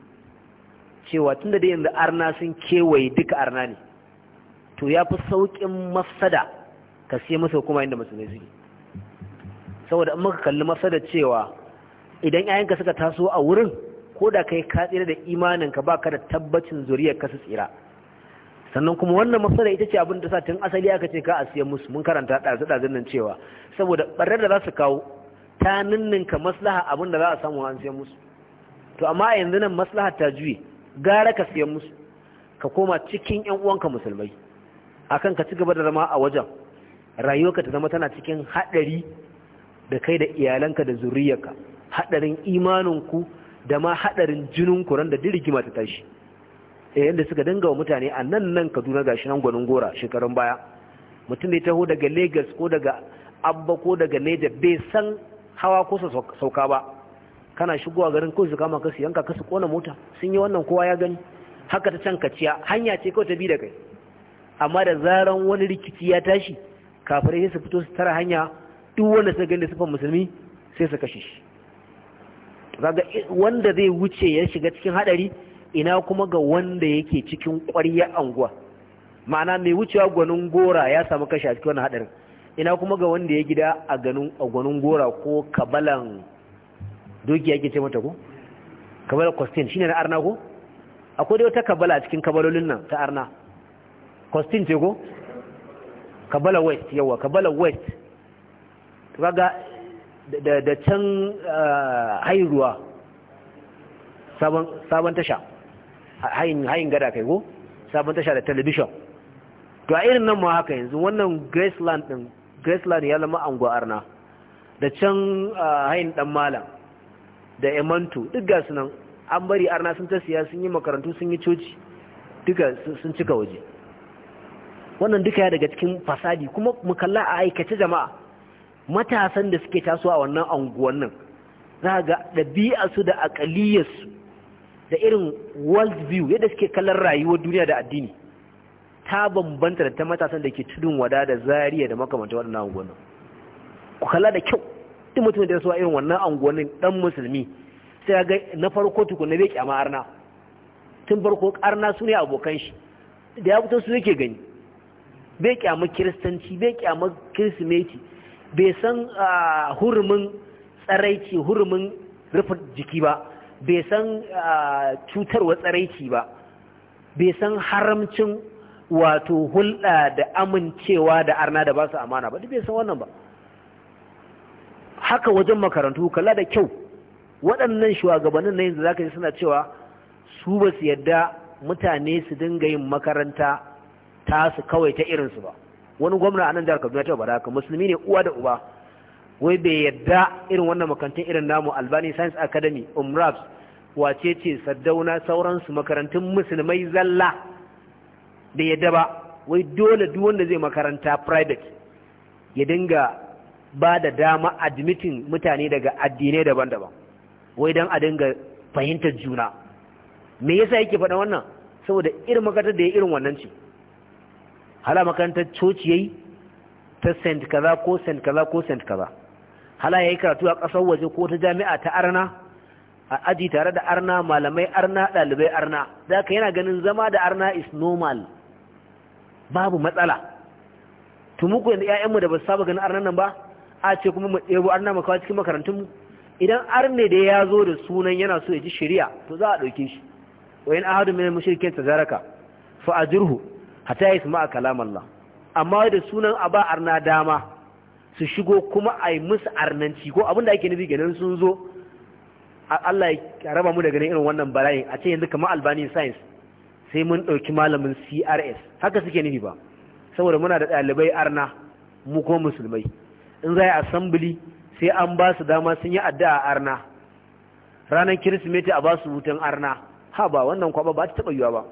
cewa tun da dai yanzu arna sun kewaye duka arna ne to ya fi sauƙin mafsada ka siya masa hukuma inda musulmai suke saboda in muka kalli mafsada cewa idan yayanka suka taso a wurin ko da kai ka tsira da imanin ka baka da tabbacin zuriyar ka su tsira sannan kuma wannan masala ita ce abin da sa tun asali aka ce ka a siyan musu mun karanta ɗazu ɗazu nan cewa saboda ɓarnar da za su kawo ta ninninka maslaha abin da za a samu an siyan musu to amma a yanzu nan maslaha ta juye gara ka siyan musu ka koma cikin 'yan uwanka musulmai akan ka ci gaba da zama a wajen rayuwarka ta zama tana cikin haɗari da kai da iyalanka da zuriyarka haɗarin imaninku da ma haɗarin jininku ran da dirigima ta tashi eh yanda suka dinga wa mutane a nan nan Kaduna gashi nan gwanin gora shekarun baya mutum ya taho daga Lagos ko daga Abba ko daga Neja bai san hawa ko sauka ba kana shigowa garin kawai su kama ka su yanka ka su kona mota sun yi wannan kowa ya gani haka ta can kaciya hanya ce kawai ta bi da kai amma da zaran wani rikici ya tashi kafirai sai su fito su tara hanya duk wanda suka gani da sufan musulmi sai su kashe shi kaga eh, wanda zai wuce ya shiga cikin hadari ina kuma ga wanda yake cikin ƙwarya anguwa ma'ana mai wucewa gwanin gora ya samu kashi a cikin wannan hadarin ina kuma ga wanda ya gida a gwanin gora ko kabalan doki yake ce mata ko kabalan kwastin shine na arna ko akwai dai wata kabala a cikin kabalolin nan ta arna kwastin ce ko kabala west yawa kabala west kaga da can ah, hairuwa sabon tasha hayin gada kai go sabon tasha da telebishon to a irin nan ma haka yanzu wannan graceland din graceland ya lama an arna da can ah, hayin dan malam da emanto duk ga su nan an bari arna sun ta siya sun yi makarantu sun yi coci duka sun cika waje wannan duka ya daga cikin fasadi kuma mukalla a aikace jama'a matasan da suke tasowa wannan nan za ga ɗabi'arsu da aƙaliyarsu da irin world view yadda suke kallon rayuwar duniya da addini ta bambanta da ta matasan da ke tudun wada da zariya da makamantar waɗannan nan ku kalla da kyau duk mutum da ya suwa irin wannan nan ɗan musulmi sai ga na farko na bai kyama arna tun farko arna su ne abokan shi da ya fito su yake gani bai kyama kiristanci bai kyama kirsimeti bai san hurumin tsaraici hurumin rufin jiki ba bai san cutarwa tsaraici ba bai san haramcin wato hulɗa da amincewa da arna da ba su amana ba bai san wannan ba haka wajen makarantu kalla da kyau waɗannan shugabannin na yanzu zaka ji suna cewa su ba su yadda mutane su dinga yin makaranta ta su kawai ta irinsu ba wani gwamna a nan jihar kaduna ta baraka musulmi ne uwa da uba wai bai yadda irin wannan makarantun irin namu albani science academy Umrabs, wace ce saddauna sauransu makarantun musulmai zalla bai yadda ba wai dole duk wanda zai makaranta private ya dinga ba da dama admitting mutane daga addinai daban-daban wai don a dinga fahimtar juna me yasa yake faɗa wannan saboda irin makarantar da ya irin wannan ce hala makarantar coci yi ta St kaza ko St kaza ko St kaza hala yi karatu a ƙasar waje ko ta jami'a ta arna a aji tare da arna malamai arna ɗalibai arna ka yana ganin zama da arna is normal babu matsala tumuku yadda 'ya'yanmu da ba su saba ganin arnan nan ba a ce kuma mu ɗebo arna mu kawo cikin makarantunmu idan arne da ya zo da sunan yana so ya ji shari'a to za a ɗauke shi wa in ahadu min mushrikin tazaraka fa yi su suma a kalamallah amma da sunan a ba arna dama su shigo kuma a yi musu arnanci ko abin da ake nufi ganin sun zo Allah ya raba mu da ganin irin wannan bala'i a ce yanzu kamar albani science sai mun ɗauki malamin CRS haka suke nufi ba saboda muna da ɗalibai arna mu ko musulmai in za a assembly sai an ba su dama sun yi addu'a arna ranar kirsimeti a ba su wutan arna ha ba wannan kwaba ba ta taɓa yiwa ba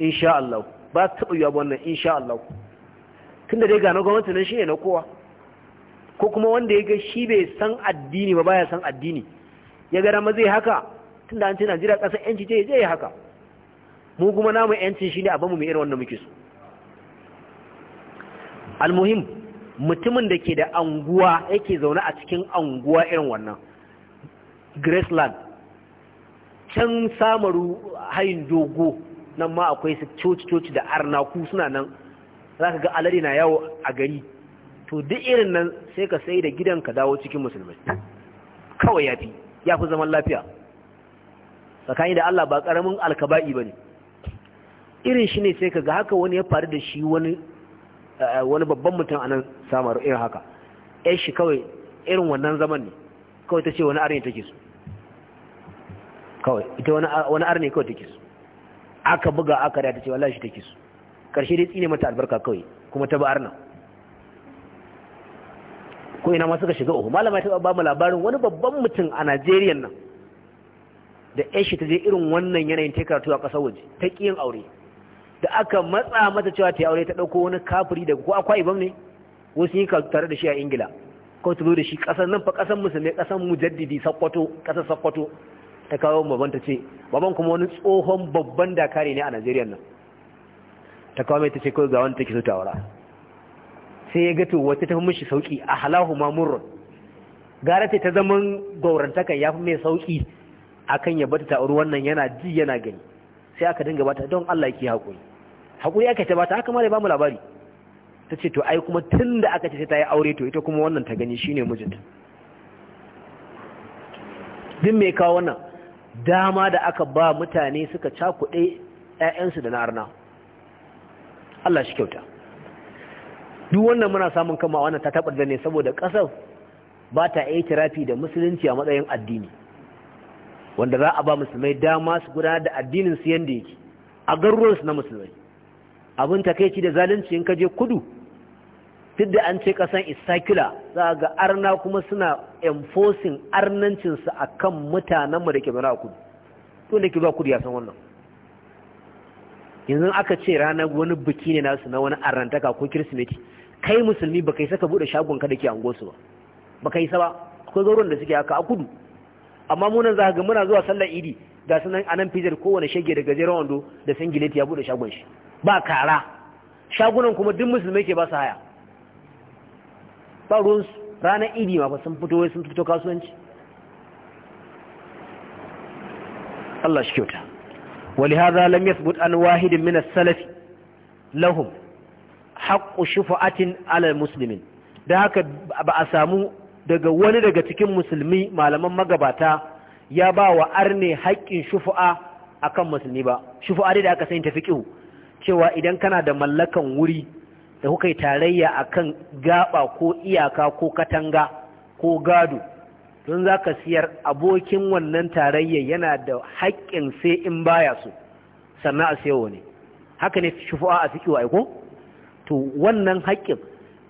insha Allah ba su taɓa yiwa wannan insha Allah tun da dai gano gwamnati nan shi ne na kowa ko kuma wanda ya ga shi bai san addini ba baya san addini ya gara ma zai haka tun da an ce Najeriya ƙasa yanci ce zai haka mu kuma namu yancin shi ne a bamu mai irin wanda muke so almuhim mutumin da ke da anguwa yake zaune a cikin anguwa irin wannan graceland can samaru hayin dogo nan ma akwai su coci-coci da arnaku suna nan za ka ga alade na yawo a gari to duk irin nan sai ka sai da gidan ka dawo cikin musulmai kawai ya fi ya fi zaman lafiya tsakani da Allah ba ƙaramin alkaba'i ba ne irin shi ne sai ka ga haka wani ya faru da shi wani eh, wani babban mutum a nan samar irin haka ya shi kawai irin wannan zaman ne kawai ta ce wani arni take su kawai ita wani arni kawai take su aka buga aka da ta ce wallahi shi take su karshe dai tsine mata albarka kawai kuma ta ba'ar nan ko ina ma suka shiga uku malama ta ba mu labarin wani babban mutum a Najeriya nan da ƴar shi ta je irin wannan yanayin ta karatu a ƙasar waje ta ƙiyin aure da aka matsa mata cewa ta aure ta ɗauko wani kafiri daga ko akwai ibam ne wasu yi tare da shi a Ingila ko ta zo da shi ƙasar nan fa ƙasar musulmi ƙasar mujaddidi sakkwato ƙasar sakkwato ta kawo baban ta ce baban kuma wani tsohon babban dakari ne a Najeriya nan ta kawo mai ta ce kawai ga wani take so ta aura sai ya gato wata wacce ta fi mishi sauki a halahu mamurun gara ta zaman gaurantakan ya fi mai sauki kan ya bata ta auri wannan yana ji yana gani sai aka dinga bata don Allah ke Haƙuri haƙuri aka ta bata haka ma ba mu labari ta ce to ai kuma tun da aka ce ta yi aure to ita kuma wannan ta gani shine mijinta din mai kawo wannan dama da aka ba mutane suka cakuɗe 'ya'yansu da na arna Allah shi kyauta duk wannan muna samun kama wannan ta taɓar ne saboda ƙasar ba ta yi tirafi da musulunci a matsayin addini wanda za a ba musulmai dama su gudanar da addinin su yadda yake a garuruwansu na musulmai abin takaici da zalunci in ka je kudu duk da an ce kasan istakula za ga arna kuma suna enforcing arnancinsu a kan mutanenmu da ke a kudu to da ke zuwa kudu ya san wannan yanzu aka ce rana wani biki ne nasu na wani arantaka ko kirsimeti kai musulmi ba kai saka buɗe shagon ka da ke angosu ba ba kai saba akwai da suke haka a kudu amma munan za ga muna zuwa sallar idi ga sunan anan fijar kowane shage da gajeren wando da singileti ya buɗe shagon shi ba kara shagunan kuma duk musulmai ke ba su haya ba ranar idi ma ba sun fito wai sun fito kasuwanci Allah shi kyauta ولهذا لم يثبت an واحد من salafi lahum حق shufa'atin alal musulmin. da haka ba a samu daga wani daga cikin musulmi malaman magabata ya ba wa arne haƙƙin shufa'a akan musulmi ba Shufa'a dai da aka sani ta fiƙihu cewa idan kana da mallakan wuri da kuka yi tarayya akan gaɓa ko iyaka ko katanga ko gado don za ka siyar abokin wannan tarayya yana da haƙƙin sai in baya su sannan a sayo ne haka ne shufu'a a fiƙi aiko to wannan haƙƙin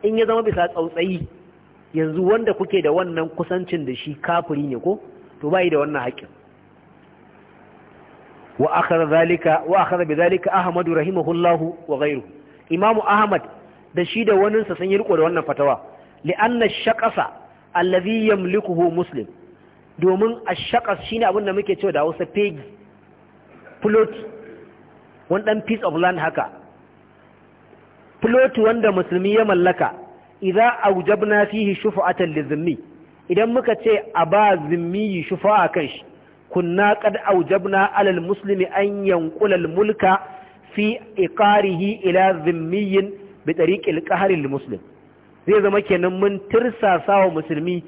in ya zama bisa tsautsayi yanzu wanda kuke da wannan kusancin da shi kafiri ne ko to bayi da wannan haƙƙin wa akhara zalika bi zalika Ahmadu rahimahullahu wa ghayruhu imamu ahmad da shi da waninsa sun yi riko da wannan fatawa li'anna shaqasa allazi yamlikuhu muslim domin ashaqas shine abin da muke cewa da Hausa pegi plot wani dan piece of land haka plot wanda musulmi ya mallaka idza aujabna fihi shufa'atan lizimmi idan muka ce a ba zimmi shufa'a kan shi kunna qad aujabna alal muslimi an yanqula al mulka fi iqarihi ila zimmiyin bi tariqil qahril muslim zai zama kenan mun tirsasa wa musulmi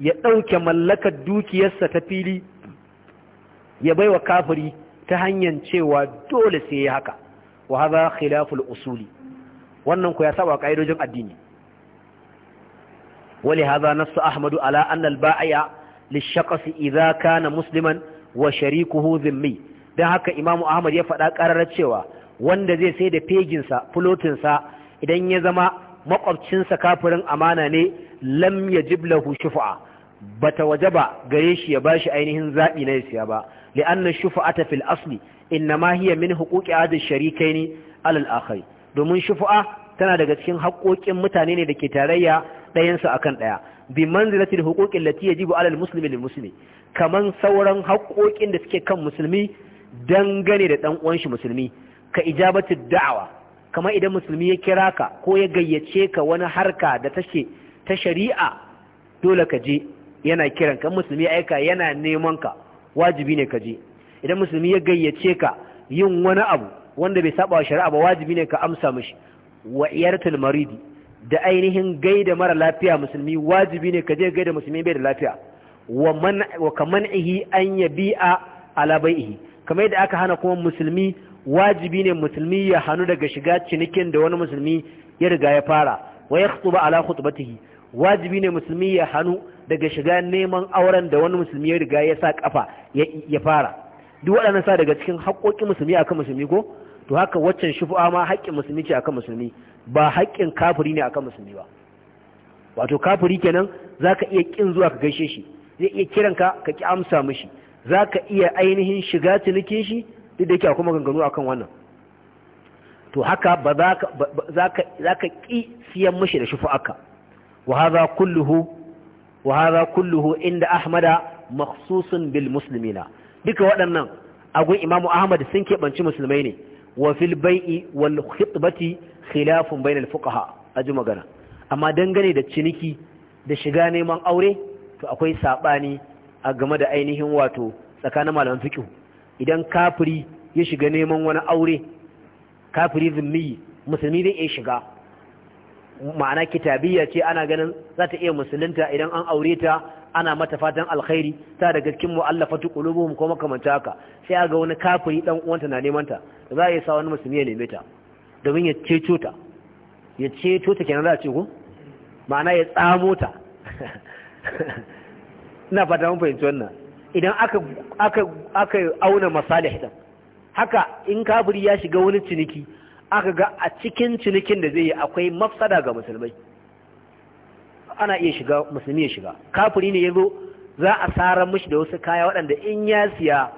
ya dauke mallakar dukiyarsa ta fili ya baiwa kafiri ta hanyar cewa dole sai ya haka wa hadha khilaful usuli wannan ku ya saba kaidojin addini wali hadha nasu ahmadu ala anna al ba'i'a lishaqas idza kana musliman wa sharikuhu zimmi dan haka imamu ahmad ya faɗa ƙararar cewa wanda zai sai da feginsa fulotinsa idan ya zama makwabcinsa kafirin amana ne lam ya lahu shufa'a bata wajaba gare shi ya bashi ainihin zaɓi na siya ba li'anna shufa'ata fil asli innama hiya min huquqi adi ne alal akhari domin shufa'a tana daga cikin haƙoƙin mutane ne da ke tarayya ɗayansa akan ɗaya bi manzilatil huquqil lati yajibu alal muslimi lil muslimi kaman sauran haƙoƙin da suke kan musulmi dangane da dan uwan shi musulmi ka ijabatu da'awa kamar idan musulmi ya kira ka ko ya gayyace ka wani harka da ta shari'a dole ka je yana kiran ka musulmi aika yana neman ka wajibi ne ka je idan musulmi ya gayyace ka yin wani abu wanda bai saba wa shari'a ba wajibi ne ka amsa mishi wa iyartul maridi da ainihin gaida mara lafiya musulmi wajibi ne ka je gaida musulmi bai da lafiya wa man wa ihi an yabi'a ala bai'ihi kamar yadda aka hana kuma musulmi wajibi ne musulmi ya hannu daga shiga cinikin da wani musulmi ya riga ya fara wa ya khutuba ala khutbatihi wajibi ne musulmi ya hannu daga shiga neman auren da wani musulmi ya riga ya sa kafa ya fara duk waɗannan sa daga cikin haƙoƙin musulmi akan musulmi ko to haka waccan shufu'a ma haƙƙin musulmi ce akan musulmi ba haƙƙin kafiri ne akan musulmi ba wato kafiri kenan zaka iya kin zuwa ka gaishe shi zai iya kiranka ka ki amsa mishi zaka iya ainihin shiga cinikin shi duk da yake akwai maganganu akan wannan to haka ba za ka ƙi siyan mashi da shufa'aka wa كله kulluhu inda ahmada احمد bil بالمسلمين duka waɗannan agun imamu ahmad sun keɓanci musulmai ne wa fil bai'i wal khitbati khilafun bainal fuqaha a ji magana amma dangane da ciniki da shiga neman aure to akwai saɓani a game da ainihin wato tsakanin malaman fiqh idan kafiri ya shiga neman wani aure kafiri zummi musulmi zai iya shiga ma'ana kitabiyya ce ana ganin za ta iya musulunta idan an aure ta ana mata fatan alkhairi ta daga cikin mu'allafatu qulubuhum ko makamanta haka sai aga wani kafiri dan uwanta na neman ta za yi sa wani musulmi ya neme ta domin ya ceto ta ya ceto ta kenan za a ce ko ma'ana ya tsamo ta [LAUGHS] ina fata mun fahimci wannan idan aka auna masalih din haka in kafiri ya shiga wani ciniki aka ga a cikin cinikin da zai yi akwai mafsada ga musulmai ana iya shiga musulmi ya shiga kafiri ne ya zo za a tsara mishi da wasu kaya waɗanda in ya siya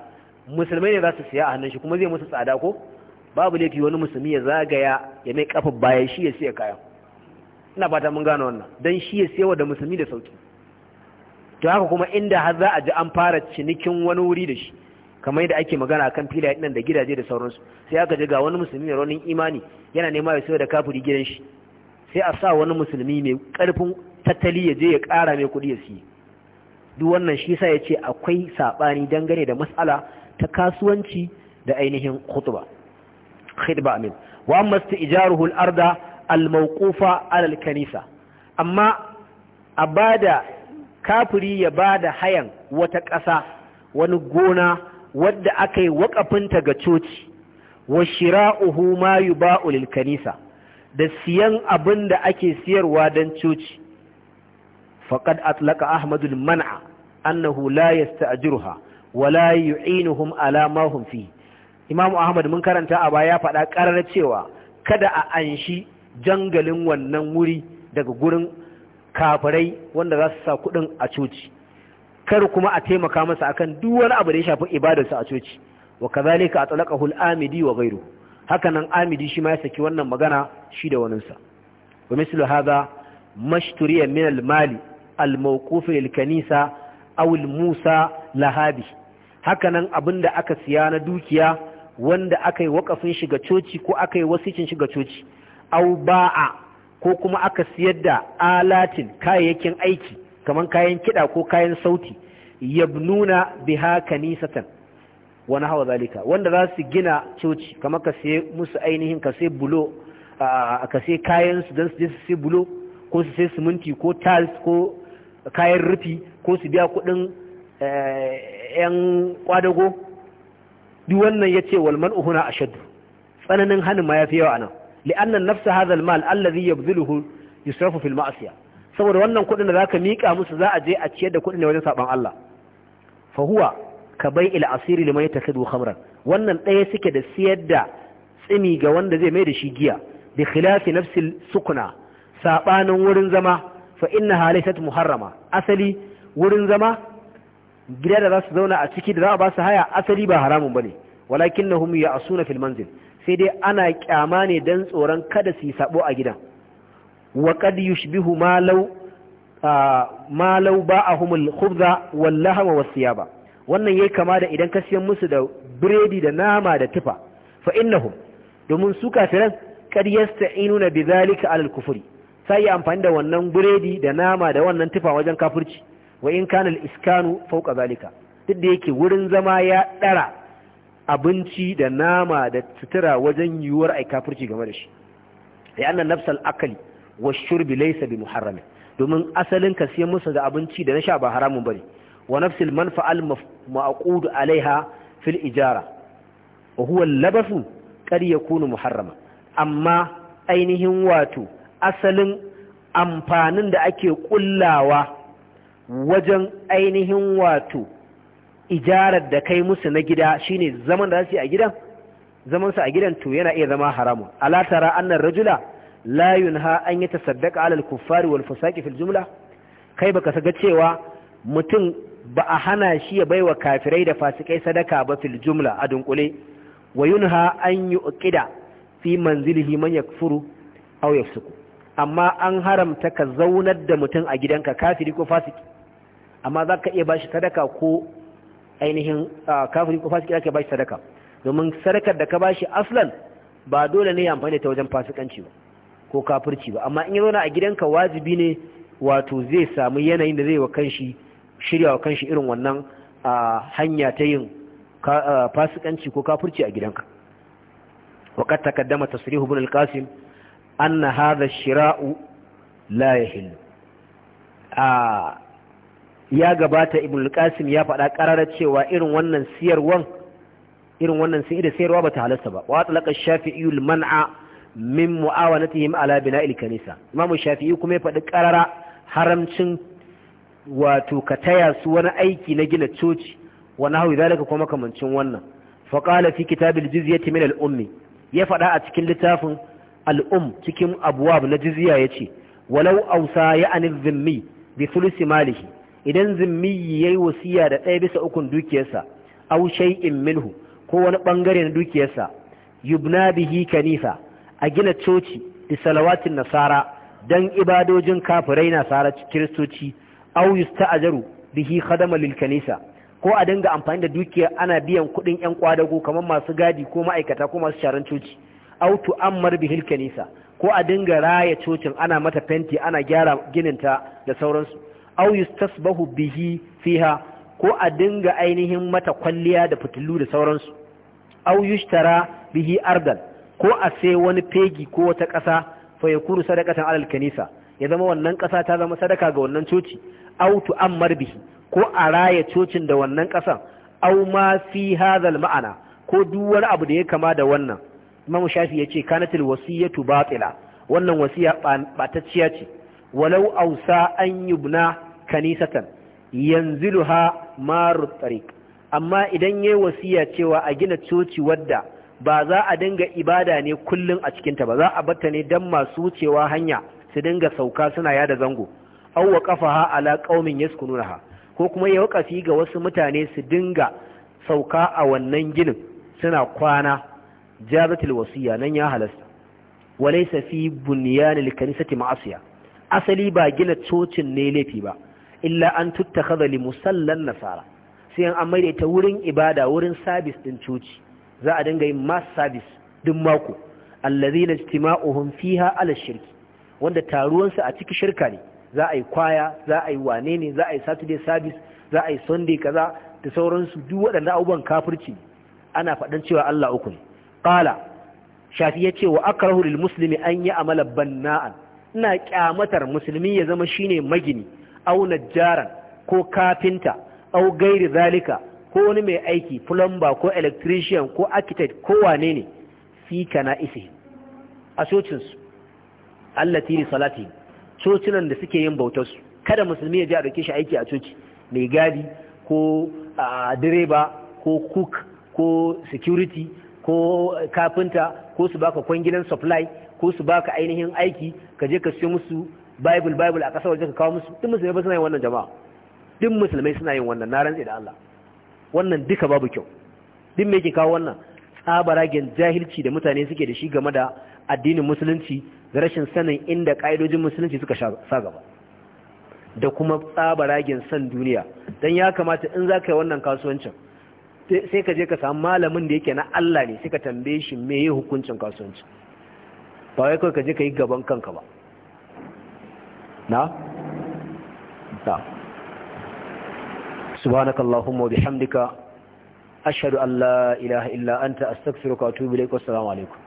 musulmai ne za su siya a hannun shi kuma zai musu tsada ko babu laifi wani musulmi ya zagaya ya mai kafa bayan shi ya siya kayan ina fata mun gane wannan dan shi ya siya wa da musulmi da sauki to haka kuma inda har za a ji an fara cinikin wani wuri da shi kamar yadda ake magana akan filayen nan da gidaje da sauransu sai aka ji ga wani musulmi mai raunin imani yana nema ya sayar da kafuri gidan shi sai a sa wani musulmi mai karfin tattali ya je ya ƙara mai kuɗi ya siye duk wannan shi sa ya ce akwai saɓani dangane da matsala ta kasuwanci da ainihin khutba khidba amin wa amma istijaruhu al-arda al-mawqufa ala al-kanisa amma kafiri ya ba da hayan wata ƙasa wani gona wadda aka yi waƙafinta ga coci wa shira'uhu ma yuba'u lil kanisa da siyan abin da ake siyarwa don coci faqad atlaka ahmadu man'a annahu la yasta'jiruha wa la yu'inuhum ala ma hum fi imamu ahmad mun karanta a baya faɗa ƙarar cewa kada a anshi jangalin wannan wuri daga gurin kafirai wanda za su sa kuɗin a coci kar kuma a taimaka masa akan duk wani abu da ya shafi ibadarsa a coci wa a tsalaka hul amidi wa haka hakanan amidi shi ma ya saki wannan magana shi da waninsa wa mislu hadha mashturiya min al-mali al-mawquf lil-kanisa aw musa lahabi hakanan abinda aka siya na dukiya wanda aka yi wakafin shiga coci ko aka yi wasicin shiga coci aw ba'a ko kuma aka siyar da alatin kayayyakin aiki kamar kayan kiɗa ko kayan sauti yabnuna biha kanisatan wani hawa zalika wanda za su gina coci kamar ka sai musu ainihin ka sai bulo ka sai kayan su don su je su sai bulo ko su sai siminti ko tiles ko kayan rufi ko su biya kuɗin yan eh, kwadago duk wannan ya ce walman uhuna ashadu tsananin hannun ma ya fi yawa nan li'anna nafsa hadha al-mal alladhi yabdhiluhu yusrafu fil saboda wannan kudin da zaka mika musu za a je a ciyar da kudin ne wajen saban Allah fa huwa ka ila asiri liman yatakhidhu khamran wannan daya suke da siyar da tsimi ga wanda zai mai da shi giya bi khilafi nafsil sukuna sabanin wurin zama fa inna laysat muharrama asali wurin zama gida da za su zauna a ciki da za a ba su haya asali ba haramun bane walakinnahum ya'suna fil manzil sai dai ana kyama ne don tsoron kada su yi sabo a gidan wa qad yushbihu ma ba a humul Hubza khubza wasu ya ba. wannan yayi kama da idan ka siyan musu da biredi da nama da tufa fa innahum domin su kafiran kad bi zalika alal kufuri sai amfani da wannan biredi da nama da wannan tufa wajen kafurci. wa in kana al iskanu fawqa zalika duk da yake wurin zama ya ɗara. abinci da nama da sutura wajen yiwuwar ai kafirci game da shi ya annan nafsal akali wa shurbi laysa bi muharram domin asalin ka siyan musu da abinci da na sha ba haramun bane wa nafsil manfa'al ma'qud alaiha fil ijara wa huwa labasu kar yakunu muharrama amma ainihin wato asalin amfanin da ake kullawa wajen ainihin wato ijarar da kai musu na gida shine zaman da zasu yi a gidan zaman su a gidan to yana iya zama haramun ala tara annar rajula la yunha an yatasaddaqa ala al-kuffari wal fusaqi fil jumla kai baka saga cewa mutum ba a hana shi ya baiwa kafirai da fasikai sadaka ba fil jumla a dunkule wa yunha an yuqida fi manzilihi man yakfuru aw yafsuku amma an haramta ka zaunar da mutum a gidanka kafiri ko fasiki amma zaka iya bashi sadaka ko ainihin kafiri ko fasiki ake bashi sadaka domin sadakar da ka bashi aslan ba dole ne ya amfani ta wajen fasikanci ba ko kafirci ba amma in ya zauna a gidanka wajibi ne wato zai samu yanayin da zai wa kanshi shirya wa kanshi irin wannan hanya ta yin fasikanci ko kafirci a gidanka وقد تقدم تصريح ابن القاسم أن هذا الشراء لا يحل آه ya gabata ibn qasim ya faɗa ƙararar cewa irin wannan siyarwan irin wannan sai da sayarwa bata halasta ba wa talaqa shafi'i man'a min mu'awanatihim ala bina'il kanisa imamu shafi'i kuma ya faɗi ƙarara haramcin wato ka taya su wani aiki na gina coci wa nahwi zalika kuma kamancin wannan fa qala fi kitabil jizyati min al ummi ya faɗa a cikin littafin al um cikin abwab na jizya yace walau ausa ya'ani dhimmi bi thulusi malihi idan zimmiyi yayi wasiya da ɗaya bisa ukun dukiyarsa aw shay'in minhu ko wani bangare na dukiyarsa yubna bihi kanisa a gina coci da salawatin nasara dan ibadojin kafirai nasara kiristoci aw yusta'jaru bihi khadama lil kanisa ko a dinga amfani da dukiya ana biyan kuɗin ƴan kwadago kamar masu gadi ko ma'aikata ko masu sharan coci aw tu'ammar bihi kanisa ko a dinga raya cocin ana mata fenti ana gyara ginin ta da sauransu aw yustasbahu bihi fiha ko a dinga ainihin mata kwalliya da fitilu da sauransu aw yushtara bihi ardal ko a sai wani fegi ko wata ƙasa fa yakunu sadaqatan alal kanisa ya zama wannan ƙasa ta zama sadaka ga wannan coci aw tu'ammar bihi ko a raya cocin da wannan ƙasan aw ma fi hadhal ma'ana ko duk wani abu da ya kama da wannan imamu Shafi yace kanatil wasiyatu batila wannan wasiya batacciya ce walau ausa an yubna kanisatan yanziluha marut tariq amma idan yayi wasiya cewa a gina coci wadda ba za a dinga ibada ne kullum a cikinta ba za a batta ne dan masu wucewa hanya su dinga sauka suna yada zango aw waqafaha ala qaumin yaskununaha ko kuma ya wakafi ga wasu mutane su dinga sauka a wannan ginin suna kwana jabatul wasiya nan ya halasta walaysa fi bunyanil kanisati ma'asiya asali ba gina cocin ne laifi ba illa an tutta kaza li musallan nasara sai an amma ta wurin ibada wurin sabis din coci za a dinga yin mass sabis din mako allazina ijtima'uhum fiha ala shirki wanda taruwansu a cikin shirka ne za a yi kwaya za a yi wane ne za a yi saturday sabis, za a yi sunday kaza da sauransu duk waɗanda abubuwan kafirci ana faɗan cewa Allah uku ne qala shafi ya ce wa akrahu lil muslimi an yi amala banna'an ina kyamatar musulmi ya zama shine magini au najjaran ko kafinta au gairi zalika ko wani mai aiki plumber ko electrician ko architect ko wane ne fi kana isi a cocinsu allati li salati cocinan da suke yin bautar su kada musulmi ya ji a dauke shi aiki a coci mai gadi ko direba ko cook ko security ko kafinta ko su baka kwangilan supply ko su baka ainihin aiki ka je ka siyo musu bible bible a ƙasar waje ka kawo musu duk musulmai ba suna yin wannan jama'a duk musulmai suna yin wannan na rantse da Allah wannan duka babu kyau duk me yake kawo wannan tsabaragen jahilci da mutane suke da shi game da addinin musulunci da rashin sanin inda ƙa'idojin musulunci suka sa gaba da kuma tsabaragen san duniya Dan ya kamata in za ka yi wannan kasuwancin sai ka je ka samu malamin da yake na Allah ne sai ka tambaye shi me yi hukuncin kasuwancin ba wai kawai ka je ka yi gaban kanka ba na? ta subhanakallahumma wa bihamdika ashhadu an la ilaha illa anta astaghfiruka wa atubu ilayk wa assalamu alaikum